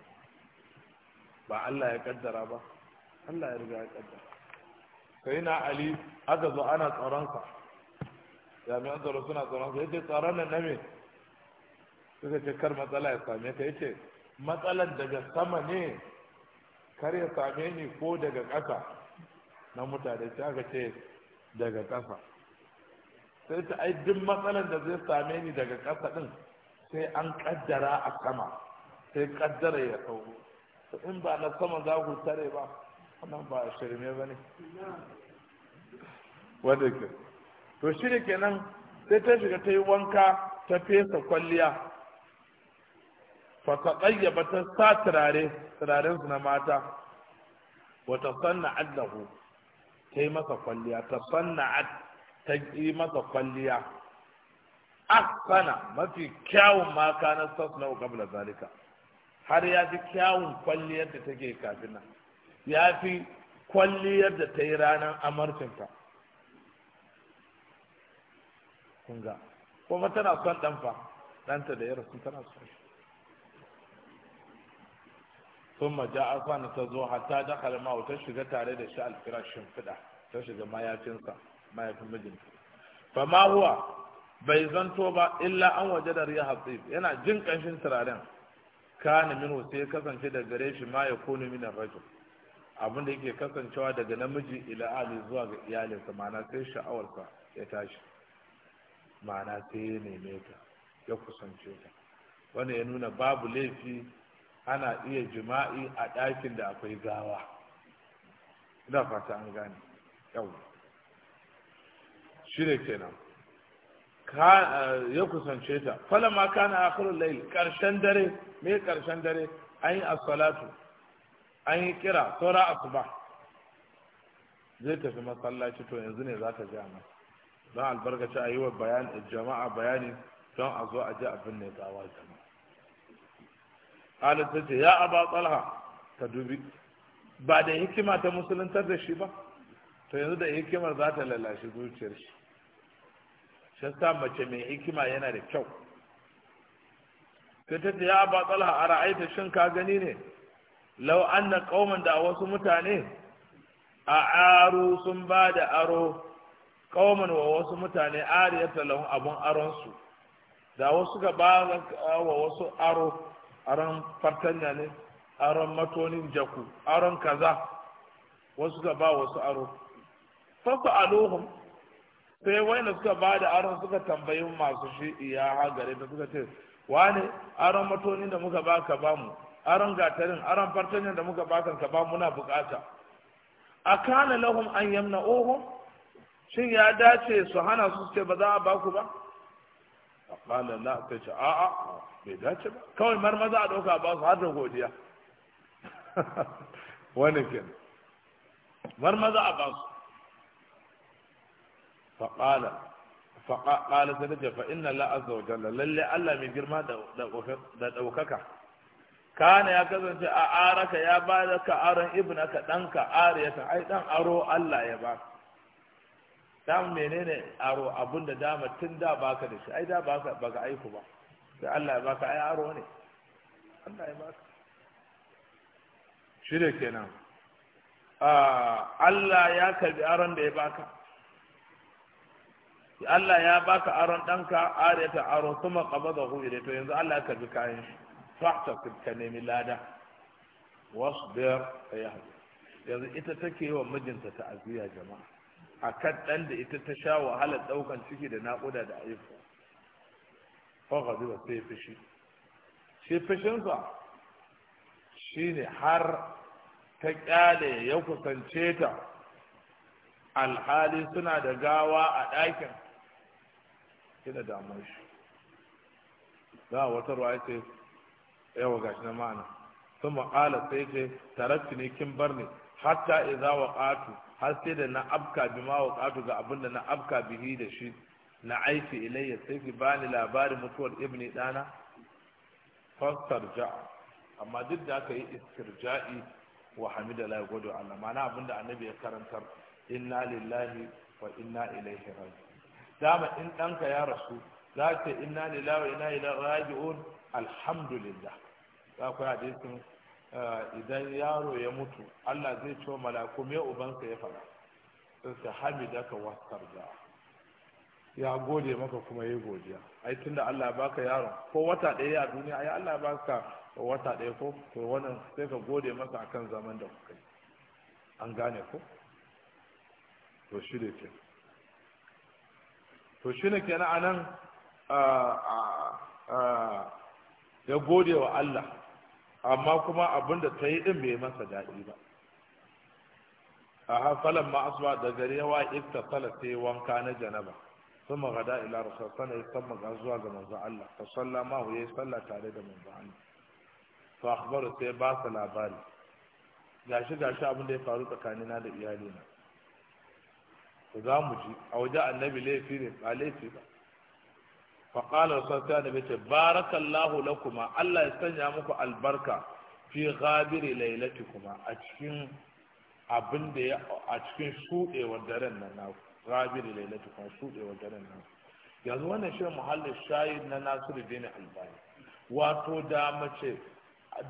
ba Allah ya kaddara ba Allah ya riga ya kaddara sai na Ali aka zo ana tsaronsa jami'an tsaro suna tsaronsa ce tsaron nan na me suka ce kar matsala ya same ka ce matsalan daga sama ne kar ya same ni ko daga ƙasa na mutane sai aka ce daga ƙasa sai ta ai duk matsalar da zai same ni daga ƙasa ɗin sai an ƙaddara a sama sai ƙaddara ya sauko to in ba na sama za ku tare ba wannan ba shirme ba ne wadda ke to shi ne kenan sai ta shiga ta yi wanka ta fesa kwalliya fata ƙayyaba ta sa turare turaren su na mata wata sanna allahu ta yi masa kwalliya ta sanna'at ta yi masa kwalliya ahsana mafi kyawun maka na sas na ukabla zalika har ya fi kyawun kwalliyar da take kafin nan ya fi kwalliyar da ta yi ranar amarcinta kunga kuma tana son ɗanfa ɗanta da ya rasu tana son shi sun maja a kwan ta zo har ta da kala ma wata shiga tare da shi al-firashin ta shiga mayacin sa mayacin bai zanto ba illa an wajada riha tsif yana jin kanshin turaren ka ne min wace kasance da gare shi ma ya kono mina rajul abin da yake kasancewa daga namiji ila zuwa ga iyalin sa mana sai sha'awar ya tashi mana sai ne ne ya kusance ta wannan ya nuna babu laifi ana iya jima'i a ɗakin da akwai gawa ina fata an gane yau shi ne kenan eh, ya kusance ta ma kana akhirul layl karshen dare me karshen dare an yi as an yi kira saura asuba zai tafi masallaci to yanzu ne za ta ji amma don albarkaci a yi wa jama'a bayani don a zo a ji abin ne gawa jama'a qalat ta ce ya aba tsalha ta dubi ba da hikima ta musuluntar da shi ba to yanzu da hikimar za ta lalashi zuciyar shi shi sa mace mai hikima yana da kyau sai ta ce ya aba tsalha a ra'aita shin ka gani ne lau na kauman da wasu mutane a aro sun ba da aro kauman wa wasu mutane ariyar talon abun aronsu da wasu ga ba wa wasu aro aron fartanya ne aron matonin jaku aron kaza wasu ka ba wasu aro fafa aluhum sai wanda suka ba da aron suka tambayi masu shi iya gare da suka ce wane aron matonin da muka ba ka ba mu aron gatarin aron fartanya da muka ba ka ba muna bukata a kana lahum an yamna ohun shin ya dace su hana su ce ba za a ba ku ba faƙala na ta ce a'a bai dace ba kawai marmaza a ɗauka ba su har da godiya wani mar marmaza a ba su faƙala faƙala ta ce fa inna la azza wa jalla lalle Allah mai girma da ɗaukaka kana ya kasance a araka ya ba da ka aron ibnaka ɗanka ariyata ai ɗan aro Allah ya ba samun menene aro abun da dama tun da baka da shi ai da baka baka aiku ba sai Allah ya baka ai aro ne Allah ya baka shi da kenan ah, Allah ya karbi aron da ya baka Allah ya baka aron ɗanka areta aro kuma qabada hu ile to yanzu Allah ya karbi kayan shi fahta ka nemi lada wasbir ya yanzu ita take yi wa mijinta ta'aziyya jama'a a kan ɗan da ita ta sha wahalar ɗaukan ciki da naƙuda da aiko faka zuba sai fashi. shi fashinsa shi ne har ta ƙyale ya kusance ta alhali suna da gawa a ɗakin ina damar shi za a wata ruwa ce yawa gashi na ma'ana sun ma'ala sai ce taratti ne kin bar ne hatta iza wa ƙatu har sai da na abka bi ma wa ga abin da na afka bihi da shi na aiki ilayya sai ki bani labarin mutuwar ibni dana fastar ja'a amma duk da aka yi istirja'i wa hamida la gudu Allah ma'ana abinda annabi ya karantar inna lillahi wa inna ilaihi raji'un dama in danka ya rasu za ka inna lillahi wa inna ilaihi raji'un alhamdulillah za ku hadisin Eh, idan yaro ya mutu Allah zai ce malaku me ubansa ya fara. sai su hamida ka wasar da ya gode maka kuma ya godiya ai tunda Allah baka yaron ko wata ɗaya a duniya ai Allah baka wata ɗaya ko to wannan sai ka gode maka akan zaman da kuka yi an gane ko to shi ne ke to shi ne na anan eh, eh, ya gode wa Allah amma kuma abin da ta yi din bai masa daɗi ba a hafalan ma asuwa da gari yawa ikta ta yi wanka na janaba sun magada ila rasar sana yi san maga zuwa ga manzo Allah ta salla ma hu yi salla tare da manzo Allah fa akhbaru sai ba su labari gashi gashi abin da ya faru tsakanina da iyalina za mu ji a waje annabi laifi ne ba laifi ba da رسول الله عليه بارك الله لكما الله يسنيا مكو البركة في غابر ليلتكما أتكين abin da ya a cikin shuɗewar daren nan na rabiri lailatu kuma shuɗewar daren nan yanzu wannan shi muhallin shayi na nasiru dini albani wato da mace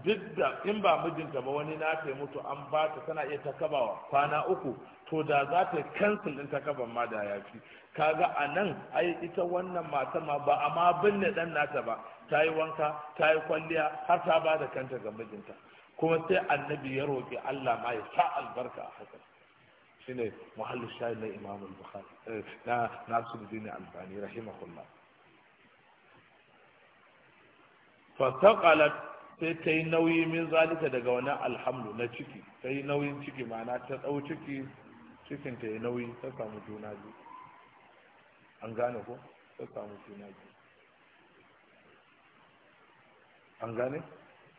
duk da in ba mijinta ba wani na ta mutu an ba ta tana iya ta kabawa kwana uku to da za ta cancel din ta kaban ma da ya fi kaga a nan ai ita wannan mata ma ba a ma binne dan nata ba ta yi wanka ta yi kwalliya har ta ba da kanta ga mijinta kuma sai annabi ya roƙi Allah ma ya sa albarka a haka shine muhallu shayi na imam al-bukhari eh, na nasiruddin albani rahimahullah fa taqalat sai ta yi nauyi min zalika daga wani alhamdu na ciki ta yi nauyin ciki ma'ana ta ɗau ciki cikinta ya nauyi ta samu juna biyu an gane ko ta samu juna biyu an gane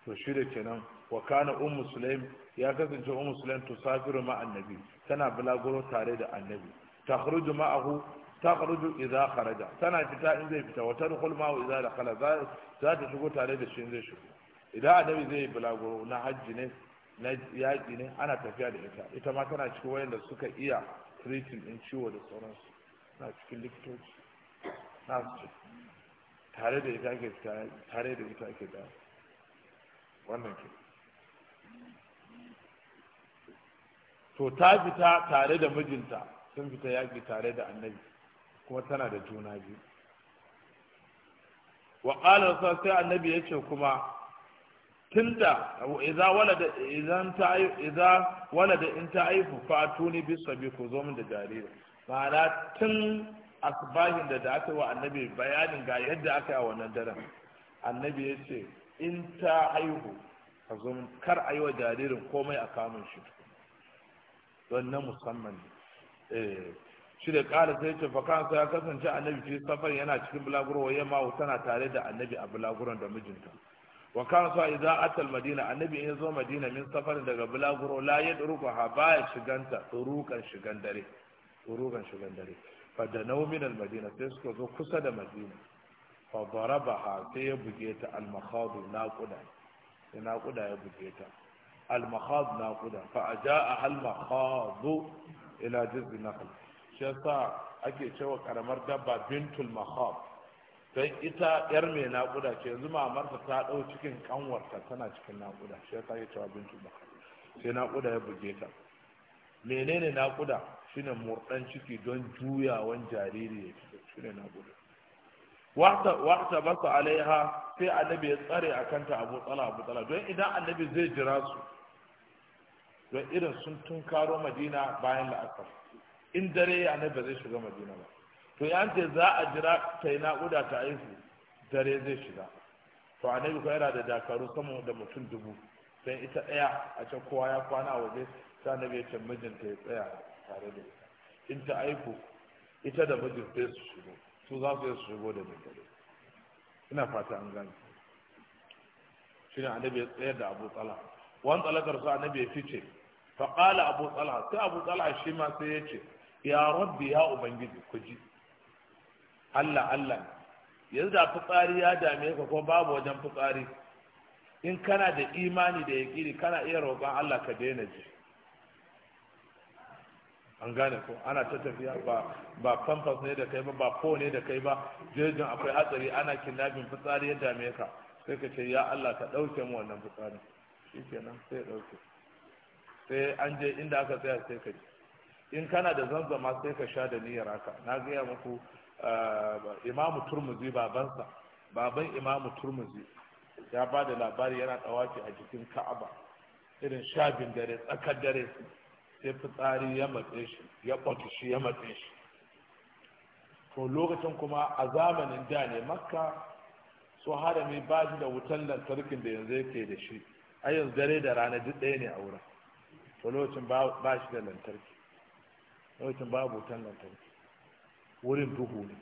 to shi da kenan wa kana ummu sulaim ya kasance ummu sulaim safiru ma annabi tana bulaguro tare da annabi takhruju ma'ahu takhruju idza kharaja tana fita in zai fita wa tadkhul ma'ahu idza dakhala za ta shigo tare da shi in zai shigo idan annabi zai yi bulaguro na hajji ne na yaƙi ne ana tafiya da ita ita ma tana cikin wayanda suka iya treating in ciwo da sauransu na cikin likitoci na su tare da ita ake tare da ita ake da wannan ke to ta fita tare da mijinta sun fita yaƙi tare da annabi kuma tana da juna biyu wa ƙalar sai annabi ya ce kuma tunda idza walada idan ta idza walada in ta aifu fa tuni bi sabi ku zo min da jariri ma'ana tun asbahin da da aka wa annabi bayanin ga yadda aka yi a wannan daren annabi ya ce in ta haihu ka zo kar a yi wa jaririn komai a kamun shi don na musamman eh, shi da ƙara sai ce fa kansa ya kasance annabi fi safar yana cikin bulaguro yamma tana tare da annabi a bulaguron da mijinta wa kana sa idza ata madina annabi in zo madina min safarin daga bulaguro la yadruku ha ba ya shiganta turukan shigan dare turukan shigan dare fa da naumin al madina sai suka zo kusa da madina fa darabaha sai ya buge ta al na naquda sai naquda ya buge ta al makhad naquda fa ajaa al makhadu ila jizbi nakhl shi yasa ake cewa karamar dabba bintul makhad don ita yar mai naƙuda ce yanzu mamarsa ta ɗau cikin kanwarta tana cikin naƙuda shi yasa ya cewa bintu ba sai naƙuda ya buge ta menene naƙuda shine murɗan ciki don juyawan jariri ya fito shine naƙuda wata basa alaiha sai annabi ya tsare a kanta abu tsala abu tsala don idan annabi zai jira su don irin sun tunkaro madina bayan la'asar in dare annabi zai shiga madina ba to ya ce za a jira ta yi naƙuda ta aiki dare zai shiga to a ko yana da dakaru sama da mutum dubu sai ita ɗaya a can kowa ya kwana a waje ta annabi ya mijinta ya tsaya tare da ita in ta aiku ita da mijin sai su shigo su za su yi su shigo da dare ina fata an gani shi ne annabi ya tsayar da abu tsala wani tsalakar su annabi ya fice faƙala abu tsala sai abu tsala shi ma sai ya ce ya rabbi ya ubangiji ku ji Allah Allah yanzu da fitsari ya dame ka ko babu wajen fitsari in kana da imani da yaƙini kana iya roƙon Allah ka daina ji an gane ko ana ta tafiya ba ba pampas ne da kai ba ba po ne da kai ba jejin akwai hatsari ana kinnabin fitsari ya dame ka sai ka ce ya Allah ka ɗauke mu wannan fitsari shi nan sai ɗauke sai an je inda aka tsaya sai ka ji in kana da zanzama sai ka sha da niyyar haka na gaya muku imamu turmuzi babansa baban imamu turmuzi ya ba da labari yana dawaki a jikin ka'aba irin shabin dare tsakar dare sai fitsari ya matse shi ya ɓace shi ya matse shi to lokacin kuma a zamanin da ne makka su harami ba shi da wutan lantarkin da yanzu yake da shi a yanzu dare da rana duk ɗaya ne a wurin to lokacin ba shi da lantarki lokacin babu wutan lantarki wurin duhu ne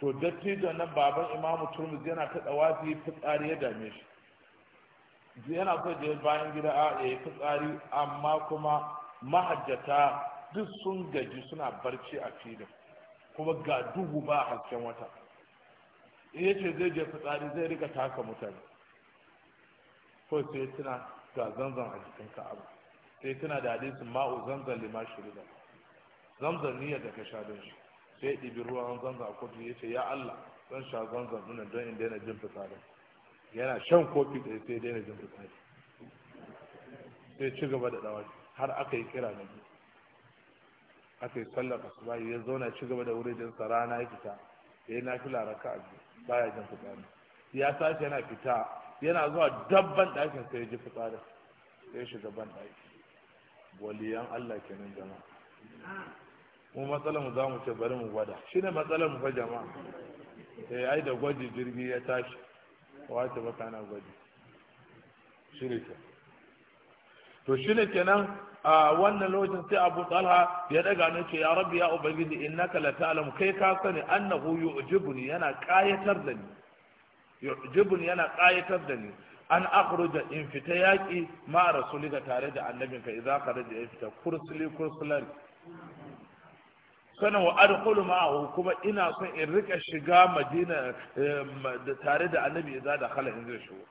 to da nan baban imamu turmus yana ta yi fitsari ya dame shi yana so da bayan gida a ya yi fitsari amma kuma mahajjata duk sun gaji suna barci a filin kuma ga duhu ba a hasken wata iya ce zai je fitsari zai rika taka mutane ko sai tuna ga zanzan a jikin ka'aba sai tuna da hadisin ma'u zanzan lima shirida zanzan niyyar da ka sha don shi sai ya ɗibi ruwan zanzan a kofi ya ce ya Allah zan sha zanzan nuna don in daina jin fitsari yana shan kofi da sai daina jin fitsari sai ci gaba da dawa har aka yi kira na biyu aka yi sallar asuba ya zauna ci gaba da wurin sa rana ya fita ya yi fi laraka a biyu baya jin fitsari ya sace yana fita yana zuwa dabban ɗakin sai ya ji fitsari sai ya shiga ban ɗaki waliyan Allah kenan jama'a mu matsalar mu za mu ce bari mu gwada shi ne matsalar mu fa jama'a Ya eh, ai da gwaji jirgi ya tashi wace ba kana gwaji shiri ke to shi ne kenan a wannan lokacin sai abu talha ya daga ne ce ya rabbi ya ubangiji innaka la ta'lamu kai ka sani annahu yu'jibuni yana kayatar da ni yu'jibuni yana kayatar da ni an akhruja in fita yaƙi ma rasulika tare da annabinka idza kharaja ya fita kursuli kursulari sanin wa adkhulu ma'ahu kuma ina son in rika shiga madina eh, da tare da annabi ya da khala in zai shigo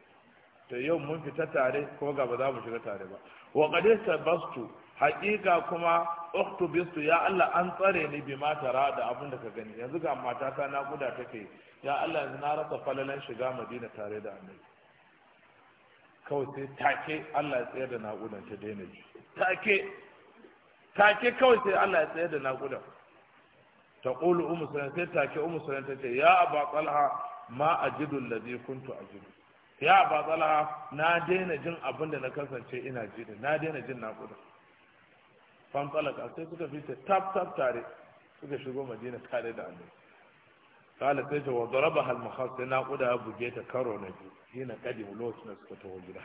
to yau mun fita tare kuma ga ba za mu shiga tare ba wa qad sabastu haqiqa kuma ukhtu bistu ya Allah an tsare ni bi tara da abin da ka gani yanzu ga matata na guda take ya Allah yanzu na rasa falalan shiga madina tare da annabi kawai sai take Allah ya tsayar da naƙudan ta daina ji take take kawai sai Allah ya tsayar da naƙudan تقول أم سلمة تاكي أم سلمة يا أبا طلحة ما أجد الذي كنت أجد يا أبا طلحة نادينا جن أبن نكسن شيء إن أجد نادينا جن نقول فانطلق أسير سكا في تاب تاب تاري سكا شغو مدينة تاري دعني قال سيجا وضربها المخاص نقول أبو جيتا كارو نجي هنا قدم لوس نسكة وجرة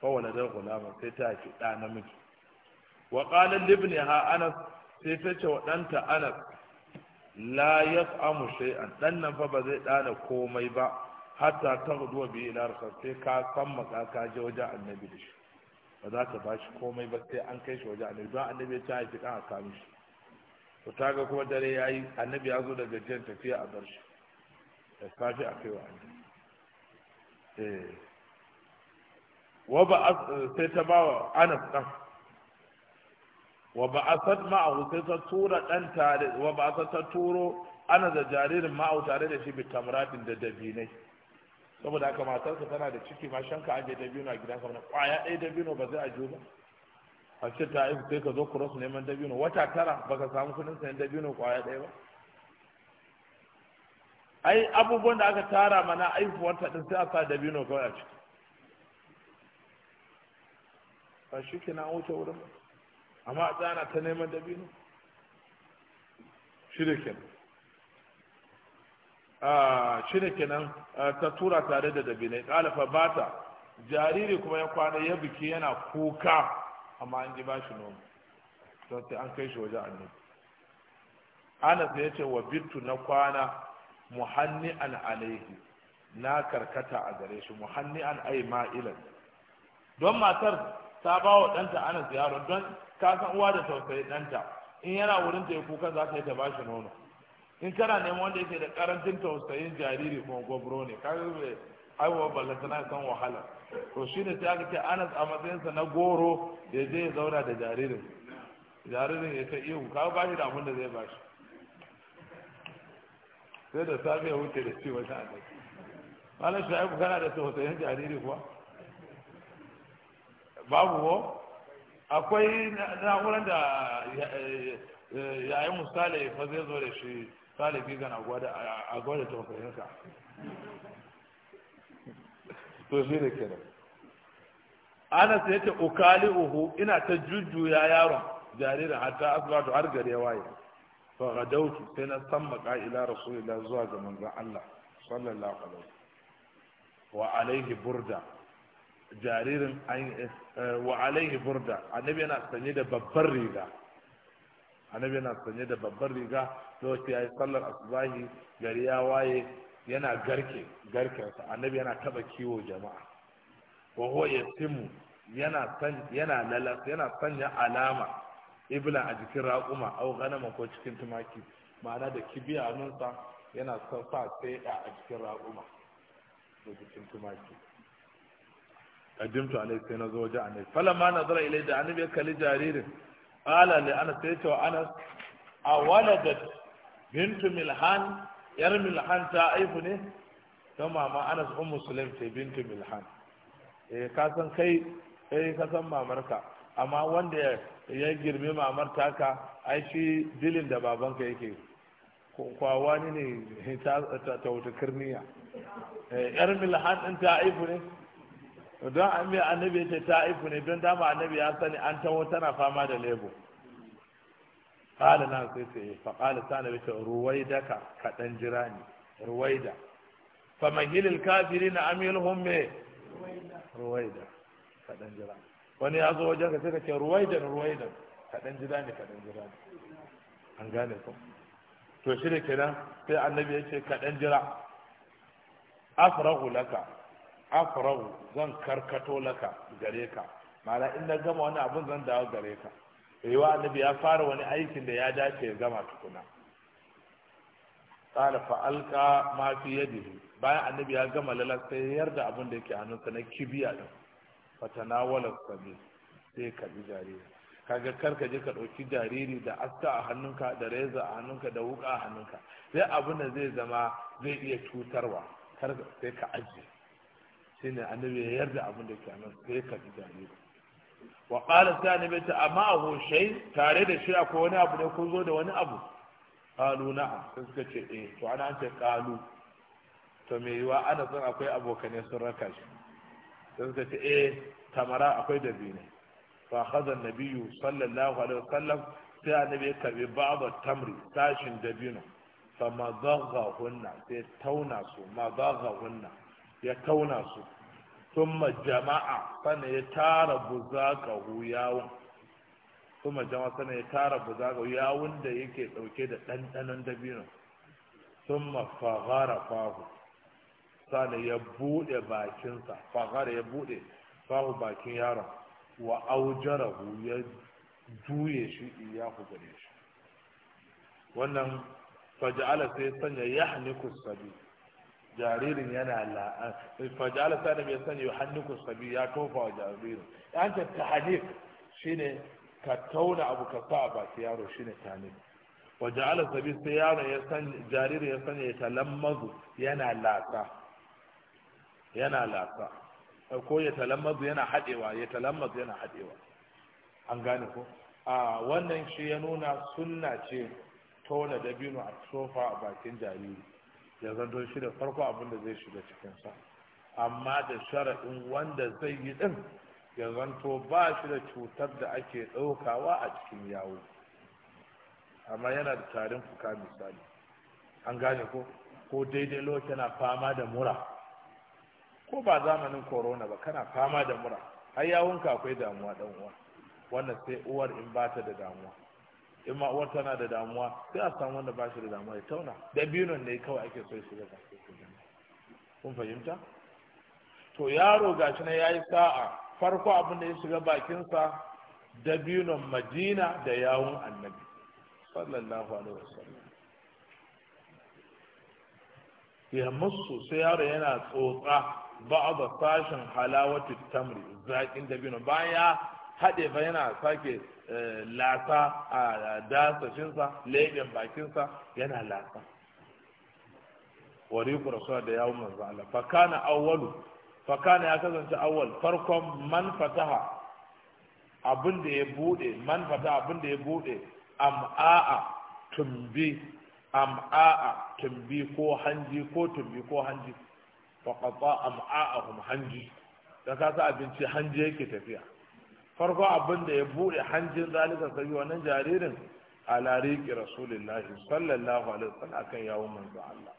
فولد غلاما سيتاكي دعنا مجي وقال لابنها أنس sai ta ce wa ɗanta anas la yas'amu shay'an dan nan fa ba zai dana komai ba hatta ta guduwa bi ila sai ka san maka ka je wajen annabi da shi ba za ka bashi komai ba sai an kai shi wajen annabi don annabi ya ci haifi kan a kame shi to ta ga kuma dare ya yi annabi ya zo da gajiyar tafiya a bar shi da safi a kai wa annabi eh. wa ba sai ta ba wa anas ɗan wa ba'asat ma'ahu sai ta tura dan tare wa ba'asat ta turo ana da jaririn ma'ahu tare da shi bitamratin da dabinai saboda haka matarsa tana da ciki ma shanka aje dabino a gidanka na kwaya ɗaya dabino ba zai ajo ba a ce ta aiki sai ka zo cross neman dabino wata tara baka samu kuɗin sayan dabino kwaya ɗaya ba ai abubuwan da aka tara mana aifuwar ta din sai a sa dabino kawai a ciki ba shi ke na wuce wurin ba amma a tsana ta neman dabino shi da kenan shi da kenan ta tura tare da dabinai ƙalafa ba ta jariri kuma ya kwana ya biki yana kuka amma an ji ba shi noma. don sai an kai shi waje annabi anas ya ce wa bittu na kwana muhanni an alaihi na karkata a gare shi muhanni an ai ma'ilan don matar ta ba wa ɗanta ana ziyara don ka san uwa da tausayi ɗanta in yana wurin ta yi kuka za ta yi ta ba shi nono in kana neman wanda yake da karancin tausayin jariri ko gwabro ne ka yi aiwa balla na san wahala to shi ne sai aka ce anas a matsayinsa na goro ya je ya zauna da jaririn jaririn ya ta ihu ka ba shi da abin da zai ba shi sai da safiya ya wuce da ciwon sha'adai malam shaibu kana da tausayin jariri kuwa babu ho akwai na'uran da eh, eh, yayin musali fa zai zo da shi sale bigan a gwada tausayin to shi da kira anas sai yake ukali uhu ina ta jujjuya yaron jaririn hatta asibatu har gare waye fa gadautu sai na sammaka ila zuwa ga manzon Allah sallallahu alaihi wa alaihi burda jaririn eh, wa alaihi burda annabi yana sanye da babbar riga annabi yana sanye da babbar riga sai ya yi sallar asubahi gari ya waye yana garke garkensa annabi yana taba kiwo jama'a wa huwa yasimu yana san yana lalas yana sanya alama ibla a jikin raƙuma au ganama ko cikin tumaki ma'ana da kibiya a nunsa yana sa sai a jikin raƙuma ko jikin tumaki qadimtu alayhi sai na zo wajen annabi falamma nazara ilayhi da annabi ya kalli jaririn qala li anas sai ta anas a waladat bintu milhan yar milhan ta aifu ne ta mama anas ummu sulaim ce bintu milhan eh ka san kai eh ka san mamarka amma wanda ya girme mamar taka ai shi dilin da babanka yake kwawani ne ta wuta kirniya yar milhan ɗin ta aifu ne don an mai annabi ce ta aifu ne don dama annabi ya sani an tawo tana fama da lebo kala na sai sai fa kala ta annabi ce ruwaidaka ka dan jira ni ruwaida fa mahilil kafirin amilhum me ruwaida ka dan jira wani ya zo wajen ka sai ka ce ruwaidan ruwaidan ka dan jira ni ka dan jira ni an gane ko to shi ne kenan sai annabi ya ce ka dan jira afrahu laka afrau zan karkato laka gare ka mala in na gama wani abun zan dawo gare ka yiwa annabi ya fara wani aikin da ya dace ya gama tukuna qala fa alqa ma fi yadihi bayan annabi ya gama lalas sai ya yarda abin da yake hannunsa na kibiya din fatanawala sabi sai ka bi jariri kaga kar ka je ka dauki jariri da aska a hannunka da reza a hannunka da wuka a hannunka sai abin da zai zama zai iya cutarwa kar sai ka ajiye sai ne annabi ya yarda abin da ke nan sai ka ji jaririn wa qala sani bai ta amma ahu shay tare da shi akwai wani abu ne ko zo da wani abu qalu na'am sai suka ce eh to ana an ce qalu to me yiwa ana san akwai abokane sun raka shi sai suka ce eh tamara akwai dabino fa akhadha an-nabiyyu sallallahu alaihi wasallam sai annabi ya karbi ba'd tamri sashin dabino fa madagha hunna sai tauna su madagha hunna ya tauna su thumma jama'a sana ya tara buza ga huyawun thumma jama'a sana ya tara buza ga huyawun da yake dauke da ɗanɗanon dabino thumma faghara fahu sana ya buɗe bakinsa fahara ya buɗe fahu bakin yaron wa aujara ya juye shi iyahu gare shi wannan faja'ala sai sanya ya hannu yahniku sabi jaririn yana la'an eh, fajala sani mai sani ya hannuku sabi ya tofa wa jaririn an ta tahanif shine ka tauna abu ka sa a baki yaro shine wa waja'ala sabi sai yaro ya san jaririn ya sanya ya talammazu yana latsa yana latsa ko ya talammazu yana hadewa ya talammazu yana hadewa an gane ko a wannan shi ya nuna sunna ce tona dabino a tofa a bakin jariri ya zanto shi da farko abin da zai shiga cikinsa amma da shara'in wanda zai yi din, ya zanto ba shi da cutar da ake ɗaukawa a cikin yawo amma yana da tarin fuka misali an gane ko ko daidai lokaci yana fama da mura ko ba zamanin corona ba kana fama da mura har yawonka akwai damuwa ɗan uwa wannan sai uwar in bata da damuwa in ma uwar tana da damuwa sai a samu wanda ba shi da damuwa ya tauna da ne kawai ake so shi daga kun fahimta to yaro gashi na yayi sa'a farko abin da ya shiga bakinsa da madina da yawun annabi sallallahu alaihi wasallam ya musu sai yaro yana tsotsa da sashin halawatu tamri zakin dabino bayan ya haɗe ba yana sake Eh, lasa a dasashinsa leɓen bakinsa yana lasa wari kurasuwa da yawon manzo Allah fakana awwalu fakana ya kasance awwal farkon man fataha abin da ya bude man fataha abin da ya bude am'a'a tumbi am'a'a tumbi ko hanji ko tumbi ko hanji faqata am'a'ahum hanji da kasa abinci hanji yake tafiya farko abin da ya buɗe hanjin zalika sai wannan jaririn ala riqi rasulullahi sallallahu alaihi wasallam akan yawo manzo Allah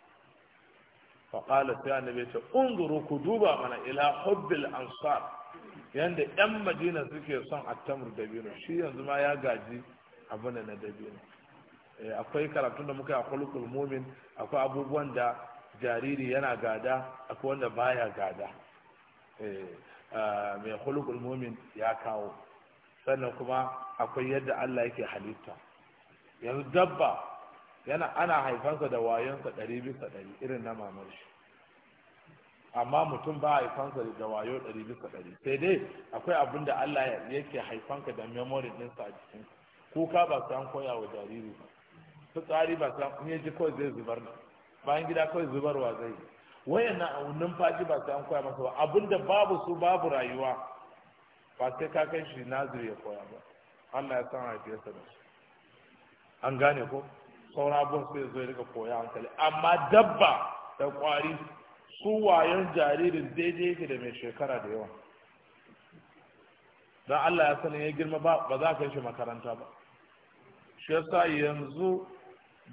fa sai annabi ce unzuru ku duba mana ila hubbil ansar yanda yan madina suke son attamur dabino shi yanzu ma ya gaji abin na dabino eh, akwai karatun da muka yi a khulqul mumin akwai abubuwan da jariri yana gada akwai wanda baya gada eh, mai hulukul mumin ya kawo sannan kuma akwai yadda Allah yake halitta yanzu dabba yana ana haifansa da wayonsa ɗari bisa ɗari irin na mamar shi amma mutum ba haifansa da wayo ɗari bisa ɗari sai dai akwai abin da Allah yake haifanka da memory ɗinsa a jikin kuka ba su koya wa jariri ba fitsari ba su an ji kawai zai zubar bayan gida kawai zubarwa zai yi na a numfashi ba sai an koya masa ba abinda babu su babu rayuwa ba sai ka kai shi naziri ya koya ba Allah ya san haifiyarsa da su an gane ko sauran abun sai zo ya rika koya hankali amma dabba da kwari su wayan jaririn daidai yake da mai shekara da yawa don Allah ya sani ya girma ba ba za ka yi shi makaranta ba shi yasa yanzu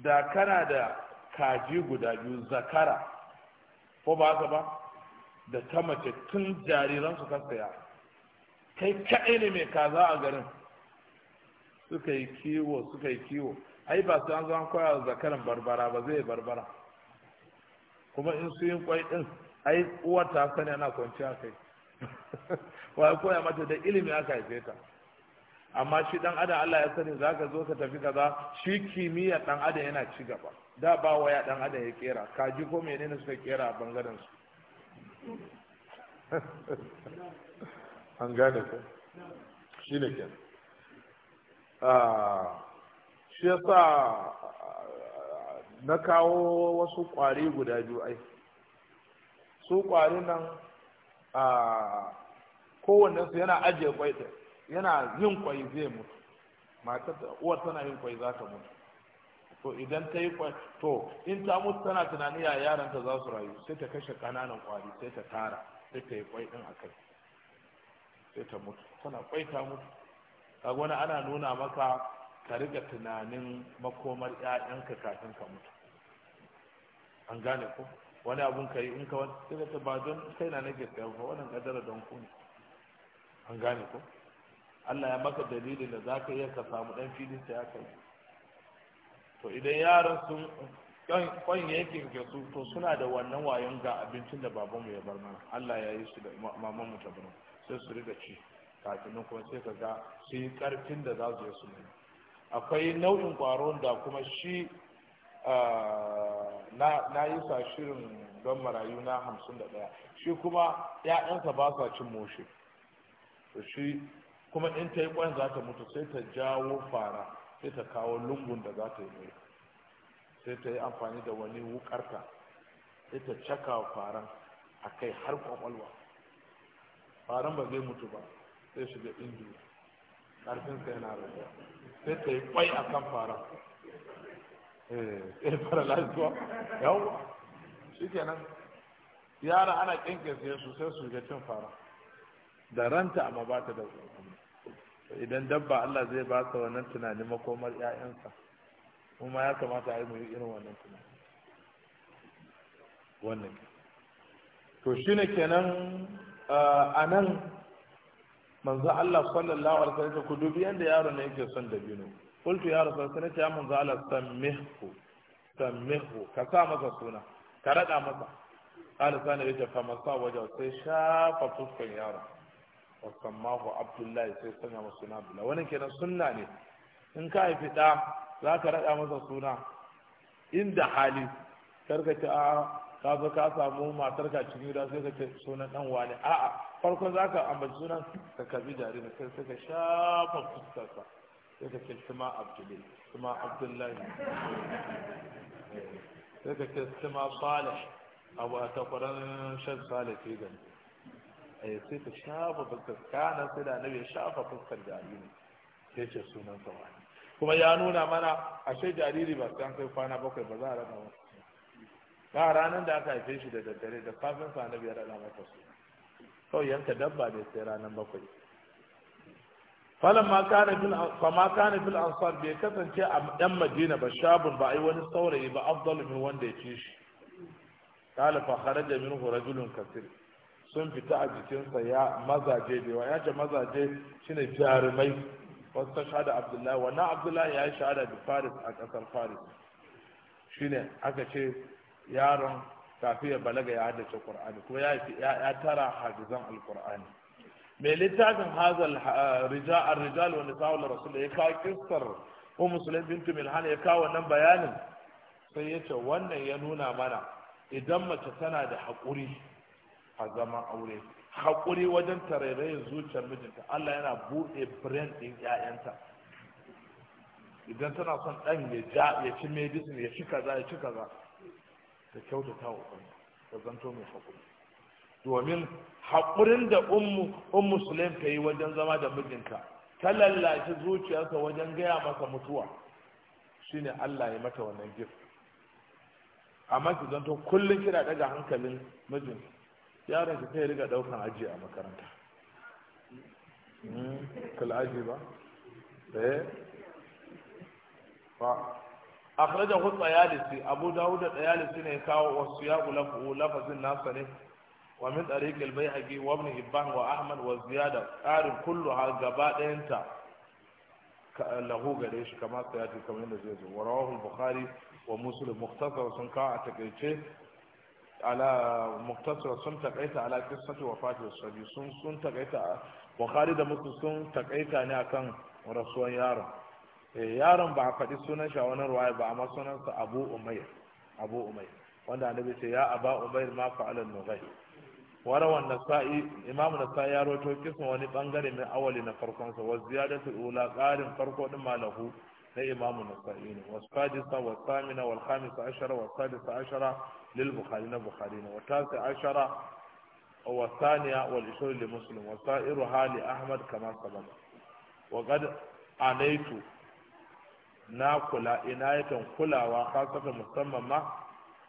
da kana da kaji guda biyu zakara ko ba haka ba da ta mace tun jariran su ka saya kai kaɗai ne mai kaza a garin suka yi kiwo suka yi kiwo ai ba su an koya zakaran barbara ba zai barbara kuma in su yi kwai din ai uwar ta sani ana kwanciya kai wa koya mata da ilimi aka haife ta amma shi dan adam Allah ya sani zaka zo ka tafi kaza shi kimiyya dan adam yana ci gaba da ba waya dan adam ya kera kaji ko menene suka kera a bangaren su an gane ko shi ne ke ah, shi yasa na kawo wasu kwari guda biyu ai su kwari nan ah, kowanne su yana ajiye kwai yana yin kwai zai mutu matar uwar tana yin kwai za ta mutu to idan ta yi kwai to in ta mutu tana tunani ya yaranta za su rayu sai ta kashe kananan kwari sai ta tara sai ta yi kwai din kai, sai ta mutu tana kwai ta mutu a wani ana nuna maka ka riga tunanin makomar 'ya'yanka kafin ka mutu an gane ko wani abun ka yi in ka wani sai ba don kai na nake tsaye ba wannan kadara don kuni an gane ko Allah ya maka dalilin da zaka iya ka samu dan filin ta kai to idan yaran sun kwan yankin ke su to suna da wannan wayon ga abincin da babanmu ya bar mana Allah ya yi su da maman mu ta bar sai su riga ci kafin nan kuma sai ka ga sun yi karfin da za su yi su ne akwai nau'in kwaron da kuma shi na yi sa shirin don marayu na hamsin da ɗaya shi kuma ‘ya'yansa ba sa cin moshi to shi kuma in ta yi kwan za ta mutu sai ta jawo fara sai ta kawo lungun da za ta yi mai sai ta yi amfani da wani wukarta sai ta caka faran a kai har kwakwalwa faran ba zai mutu ba sai shiga injiniya sai na rabuwa sai ta yi kwai a kan faran eh fara lafiya yawwa shi kenan yara ana kyankyasa su sai su ga cin fara da ranta amma ba ta da idan dabba Allah zai ba ka wannan tunani makomar ƴaƴansa kuma ya kamata a yi mu irin wannan tunani wannan to shine kenan a nan manzo Allah sallallahu alaihi wasallam ku dubi yanda yaro ne yake son dabino kultu ya rasul sai ce ya manzo Allah sammihu sammihu ka sa masa suna ka rada masa qala sana yace fa masa waja sai shafa fuskan yaro. wasammahu abdullahi sai sanya masa suna abdullahi wannan kenan sunna ne in ka haifi ɗa za ka raɗa masa suna inda hali karka ce a ka zo ka samu matar ka cikin gida sai ka ce suna dan wani a'a farkon za ka ambaci sunan ka kabi jari sai sai ka shafa fuskarsa sai ka ce sima abdullahi abdullahi sai ka ce sima salih abu a takwaran shan salih ke gani Eh, sai ta shafa fuskar kana sai da annabi shafa fuskar jariri sai ce sunan sa wani kuma ya nuna mana ashe jariri ba su kai kwana bakwai ba za a rana masa ba ranar da aka haife shi da daddare da kafin sa annabi ya rana masa su kawai yanka dabba ne sai ranar bakwai falan ma kana fil ansar bai kasance a yan madina ba shabun ba ai wani saurayi ba afdalu min wanda ya ci shi qala fa min minhu rajulun kasir sun fita a jikinsa ya mazaje da yawa ya ce mazaje shine jarumai wasu ta shahada abdullahi wannan abdullahi ya yi shahada da faris a ƙasar faris shine aka ce yaron kafin ya balaga ya haddace qur'ani kuma ya ya tara hadizan alqur'ani mai littafin hazal rija ar-rijal wa nisa'ul rasul ya kawo kissar ummu bintu milhan ya kawo wannan bayanin sai ya ce wannan ya nuna mana idan mace tana da haƙuri a zaman aure haƙuri wajen tarairayin zuciyar mijinta Allah yana buɗe brain din ƴaƴanta idan tana son ɗan ya ja ya ci medicine ya ci kaza ya ci kaza ta kyautata wa ubangi ta zanto mai haƙuri domin haƙurin da ummu ummu sulaim ta yi wajen zama da mijinta ta lallace zuciyarsa wajen gaya masa mutuwa shine Allah ya mata wannan gift amma ki zanto kullum kina daga hankalin mijinta yaron shi riga daukan aji a makaranta hmm, kal aji ba eh fa akhrajahu at-tayalisi abu dawud da tayalisi ne kawo wasu ya ulafu lafazin nasa ne wa min tariq al-bayhaqi wa ibn hibban wa ahmad wa ziyada kullu har gaba dayanta lahu gare shi kamar sayati kamar yadda zai zo wa al-bukhari wa muslim mukhtasar sun kawo a takaice ala muktasar sun takaita ala kisatu wa fatir sabi sun bukhari da musu sun takaita ne akan rasuwan yaron yaron ba a faɗi sunan shi a wani ruwaya ba amma sunansa abu umayr abu umayr wanda ce ya aba umayr ma fa'ala nughay warawan nasa'i imam nasa'i ya rawaito kisan wani bangare mai awali na farkonsa, sa wa ziyadatu ula qarin farko din malahu na imamu nasa'i ne wa sadisa wa samina wal khamisa ashara wa sadisa ashara lil bukari na bukari ne wa tasi ashara wa saniya wal ishru li muslim wa sa'iru hali ahmad kamar sabaka wa qad anaitu na kula ina inayatan kulawa khasatan musamman ma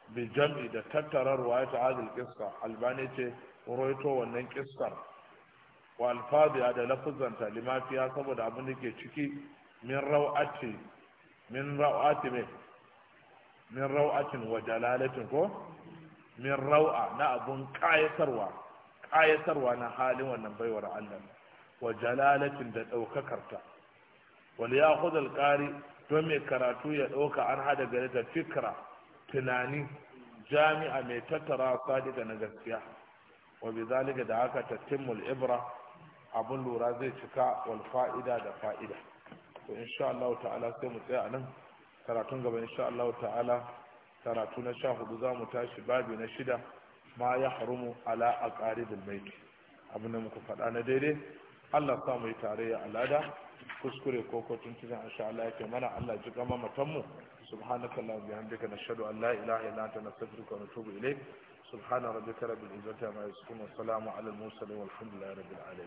bi jam'i da tattarar tattara ruwayatu hadhihi qissa albani ce roito wannan qissar wa alfabiya da lafuzanta lima fiya saboda abin da ke ciki min raw'ati min raw'ati me min ko min raw'a na abun kayatarwa na halin wannan baiwar Allah wa jalalatin da daukakarta wal ya'khudh al qari don mai karatu ya ɗauka an hada gare da fikra tunanin jami'a mai tattara sadiqa na gaskiya wa bizalika da haka tatimmul ibra abun lura zai cika wal fa'ida da fa'ida to insha Allah ta'ala sai mu tsaya nan karatun gaba insha Allah ta'ala karatu na sha hudu za mu tashi babi na shida ma ya harumu ala a da baiti abin da muka faɗa na daidai Allah sa mu yi ya alada kuskure ko kotun cikin insha Allah ke mana Allah ji gama matan mu subhanaka allahumma bihamdika nashhadu an la ilaha illa anta nastaghfiruka wa natubu ilayk subhana rabbika rabbil izzati amma yasifun wa salamun ala al mursalin walhamdulillahi rabbil alamin